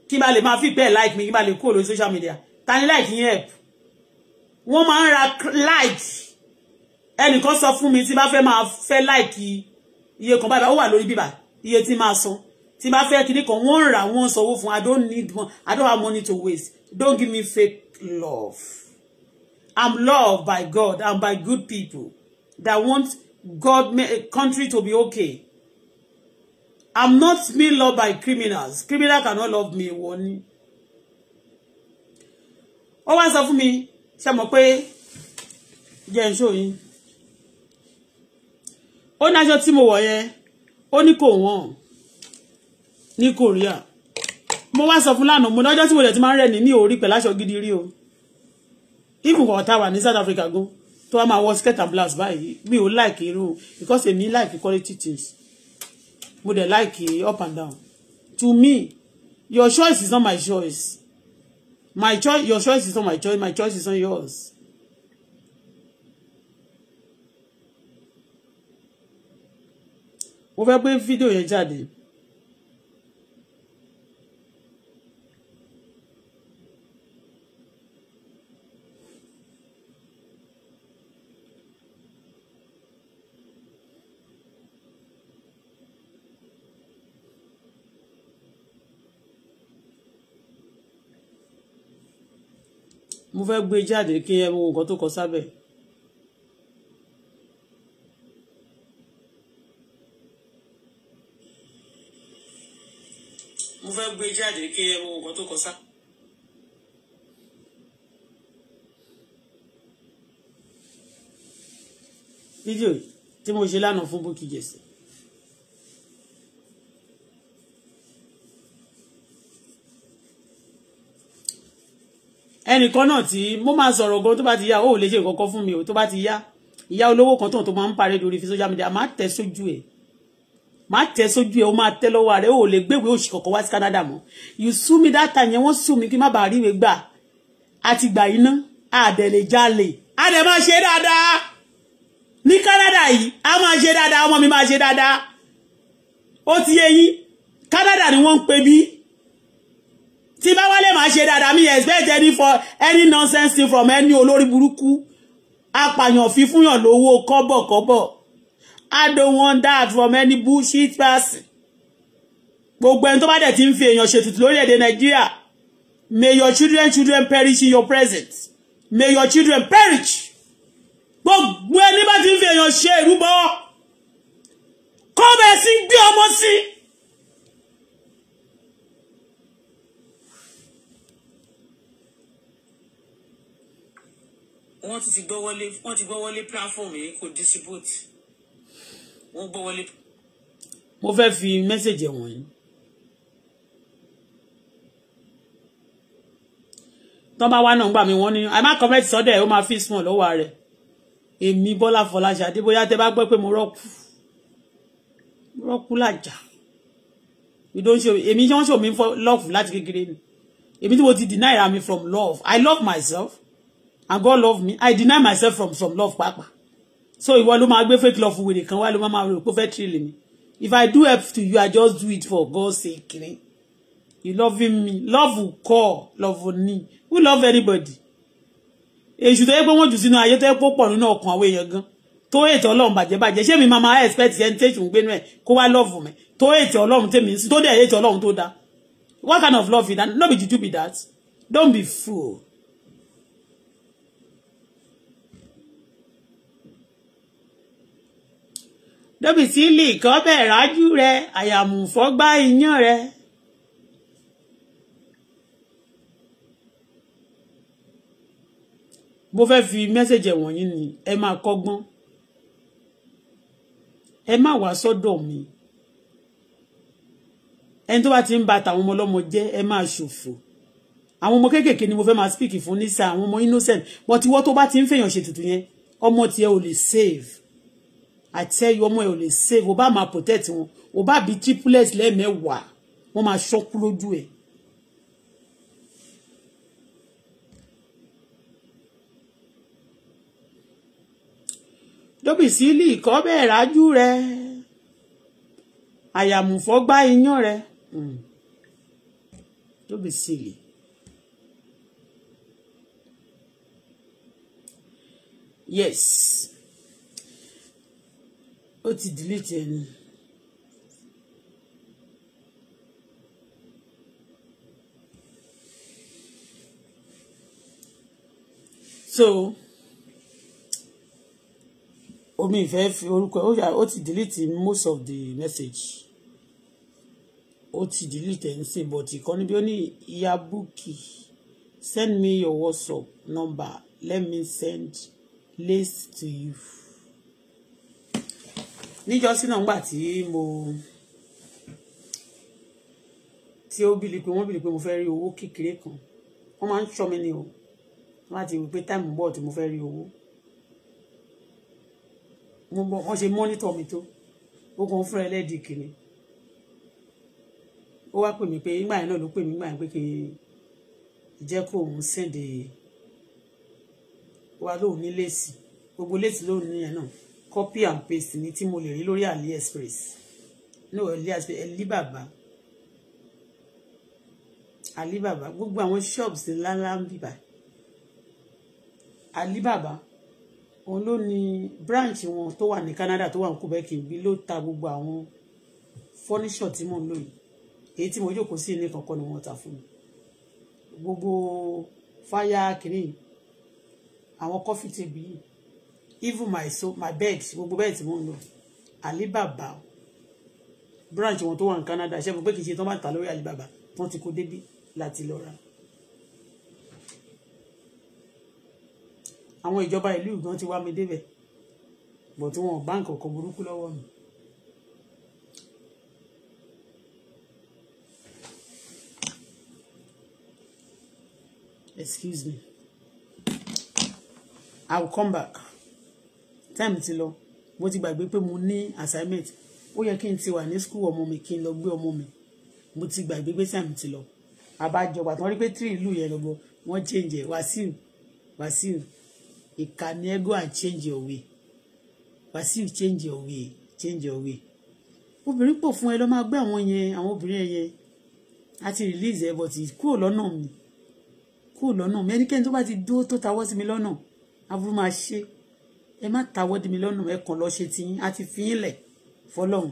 kí n bá lè máa fi bẹ́ẹ̀ like mi kí n bá lè kúrò lórí social media ta ni like yín help wọ́n máa ń ra like ẹnìkan sọ fún mi tí bá fẹ́ máa fẹ́ like iye kan báyìí ó wà lórí bíbà iye tí máa san tí bá fẹ́ kíní kan wọ́n ń rà wọ́n sanwó fún I don't need one I don't have money to waste don't give me fake love I'm loved by God and by good people that want God country to be okay. I'm not being loved by criminals. Criminal cannot love me. One. Ó wá sọ fún mi, ṣé mọ̀ pé jẹ́ ń show yín. Ó ní aṣọ mo wọ̀ yẹn, ó ní kò wọ́n ní Korea. Mo wa sọ fún lánàá, mo lọ́jọ́ tí mo dẹ̀ ti máa ń rẹ̀ ní ní orí pẹ̀láṣọ gidi rí o. Even ọ̀tá wà ní South Africa go tó wá máa wọ skirt and blouse báyìí mi ò like irú because èmi like quality things mo dey like up and down to me your choice is not my choice my choice your choice is not my choice my choice is not yours. mo fẹ́ gbé fídíò yẹn jáde. mo fẹ́ gbé jáde kí ẹ wo nǹkan tó kọ sábẹ̀. mo fẹ́ gbé jáde kí ẹ wo nǹkan tó kọ sábẹ̀. fídíò tí mo ṣe lánàá fún Bukky Jesse. ẹnìkan náà tí mo máa sọ̀rọ̀ gan tó bá ti yá ó lè ṣe nǹkan fún mi o tó bá ti yá ìyá olówó kan tóun tó máa ń parẹ́ lórí fi social media máa tẹ̀ sójú ẹ̀ máa tẹ̀ sójú ẹ̀ ó máa tẹ́ lọ́wọ́ rẹ̀ ó lè gbéwèé òṣì kọ̀ọ̀kan wá sí Canada mọ́ you sue me that time yẹn wọ́n sue mi kí má bàa ríwe gbà àti gbà iná àdẹ̀ lè jalè àdẹ̀ máa ṣe dáadáa ní Canada yìí a máa ṣe dáadáa ọmọ mi máa ṣe dáadáa ó ti yẹ yín Canada ni wọ́n ń pe bíi tí bá wálé máa ṣe dáadáa mi expect any for any nonsense thing from any olórí burúkú apàyàn fi fúnyàn lówó kọ́bọ̀kọ́bọ̀ I don't want that from any bullshit person gbogbo ẹni tó bá dẹ̀ ti ń fi èèyàn ṣètùtù lórílẹ̀‐èdè Nàìjíríà may your children children perish in your presence may your children perish gbogbo ẹni bá ti ń fi èèyàn ṣe ìrúbọ be gbé ọmọ sí. Si wọ́n ti gbọ́ wọlé wọ́n ti gbọ́ wọlé platform yìí kò distribute wọ́n gbọ́ wọlé. mo fẹ́ fi mẹ́sẹ̀jì ẹ̀wọ̀n yìí. tán bá wá náà gbà mí wọ́n ní àmà kọ́mẹ́tì sọ́dọ̀ ẹ̀ ó máa fi small lọ́wọ́ rẹ̀ èmi Bọ́lá Fọláṣadé bóyá tẹ́ bá gbọ́ pé mo rọ́ọ̀kù rọ́ọ̀kù làjà èmi yọ́n ṣò mí lọ́ọ̀fù láti kékeré ni èmi tí mo ti deny am from love I love myself and God love me I deny myself from from love Papa. so ìwọ ló máa gbé fake love wèrè kan wá ló máa rò pé ó fẹ́ tìrìlì mi if I do help to you I just do it for God's sake ni eh? you loving me love will call love will need We love anybody èṣù tó yẹ pé wọ́n jù sínú ayé tó yẹ pé ó pọ̀ nínú ọkàn àwọn èèyàn gan tó ètò Ọlọ́run bàjẹ́ bàjẹ́ ṣé mi Mama. máa expect ẹni tẹ́sù ń gbénu ẹ̀ kó wá lọ́ọ̀fù mi tó ètò Ọlọ́run tèmi ń sìn tó dẹ̀ ètò Ọlọ́run tó dáa what kind of love is that no be juju be that don't be fool. dóbi sí ilé ìkọ́bẹ̀ rájú rẹ àyàmùfọ́gbá iyán rẹ. mo fẹ́ fi mẹ́sẹ̀jì wọ̀nyí ni ẹ máa kọ́gbọ́n ẹ má wá sọ́dọ̀ mi ẹni tó bá ti ń ba tàwọn ọmọ ọlọ́mọ jẹ́ ẹ máa ṣòfò àwọn ọmọ kéékèèké ni mo fẹ́ máa speak fún nísà àwọn ọmọ innocent but ìwọ tó bá ti ń fèèyàn ṣètùtù yẹn ọmọ tiẹ̀ ò lè save I tell you ọmọ ẹ ò lè save o bá máa protect wọn o bá bí triplets lẹ́ẹ̀mẹ́wàá wọ́n máa ṣọ́kú lójú ẹ̀. tóbi sí ilé ìkọ́ bẹ́ẹ̀ rájú rẹ àyàmùfọ́ gbá iyán rẹ tóbi hmm. sí ilé. Yes ó ti delete ẹni. so omi ìfẹ́ fi orúkọ ó yà ó ti delete most of the message ó ti delete ẹ̀ ń sìn but ìkànnì bí ó ní iyabuki send me your whatsapp number let me send list to you níjọ́sí náà ńgbà tí mo tí ó bìlì pé wọ́n bìlì pé mo fẹ́ rí owó kékeré kan wọ́n máa ń ṣọ́ mi ní o láti wí pé táìmù bọ̀ tí mo fẹ́ rí owó mo bọ̀ wọ́n ṣe mọ́nítọ̀ mi tó ó kàn fún ẹlẹ́dìí kìíní ó wá pè mí pé nígbà yẹn náà ló pè mí nígbà yẹn pé kí jẹ́ kó òun sèǹde wa lóun ní lẹ́sì gbogbo lẹ́sì lóun níyẹn náà copy and paste ní tí mo lè rí lórí AliExpress no AliExpress Alibaba Alibaba gbogbo àwọn shops ńláńlá ń bìbà Alibaba òun ló ní branch wọn tó wà ní Canada tó wà ní Quebec bí ló ta gbogbo àwọn furniture tí mò ń lò yìí èyí tí mo jókòó sí ilé kankan ni wọ́n ta fún mi gbogbo fáyà kìnnì àwọn kọfí tèbí yìí even my so my bed gbogbo bed tí mo ń lò Alibaba branch wọn tó wà ní Canada ṣe mo pé kì í ṣe tán bá ta lórí Alibaba tán ti kó débí láti lọ ra. àwọn ìjọba ìlú ìgbọ́n ti wá mi débẹ̀ bọ̀ tí wọn ò bá nǹkan kan burúkú lọ́wọ́ mi. Excuse me. I will come back time ti lọ mo ti gbàgbé pé mo ní assignment ó yẹ kí n ti wà ní school ọmọ mi kí n lọ gbé ọmọ mi mo ti gbàgbé pé time ti lọ àbájọba tí wọ́n rí pé three ìlú yẹn lọ́gbọ́ wọ́n change Wàsíù Wàsíù ìkànnì ẹgbẹ́ and change your way Wàsíù change your way change your way obìnrin pọ̀ fún ẹ lọ máa gbé àwọn yẹn àwọn obìnrin yẹn àti release ẹ but kúrò lọ́nà mi kúrò lọ́nà mi ẹnikẹ́ni tó bá ti dúró tó tawọ́ sí mi lọ́nà aburú máa ṣe é ẹ má tawọ́ di mi lọ́nà ẹ kàn lọ ṣe ti yín àti fi yín lẹ̀ fọlọ́run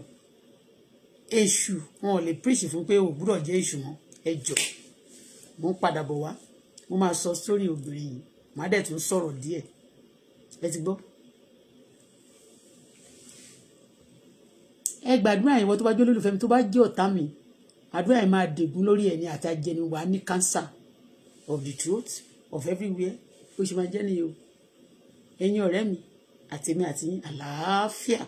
èṣù wọn ò lè píríṣì fún pé ògbúrọ̀ jẹ́ èṣù mọ́ ẹ jọ mo ń padà bọ̀ wá mo máa sọ sórí obìnrin yìí màá dẹ̀ tún sọ̀rọ̀ díẹ̀ ẹ ti gbọ́. ẹ gbàdúrà ìwọ tó bá jẹ́ olólùfẹ́ mi tó bá jẹ́ ọ̀tá mi àdúrà yìí máa dègún lórí ẹni àti ajẹni wà ní cancer of the throat of everywhere ó ṣe máa jẹ́ nìyẹn o ẹ̀yin ọ̀rẹ́ mi àtẹ̀mí àti yín àlàáfíà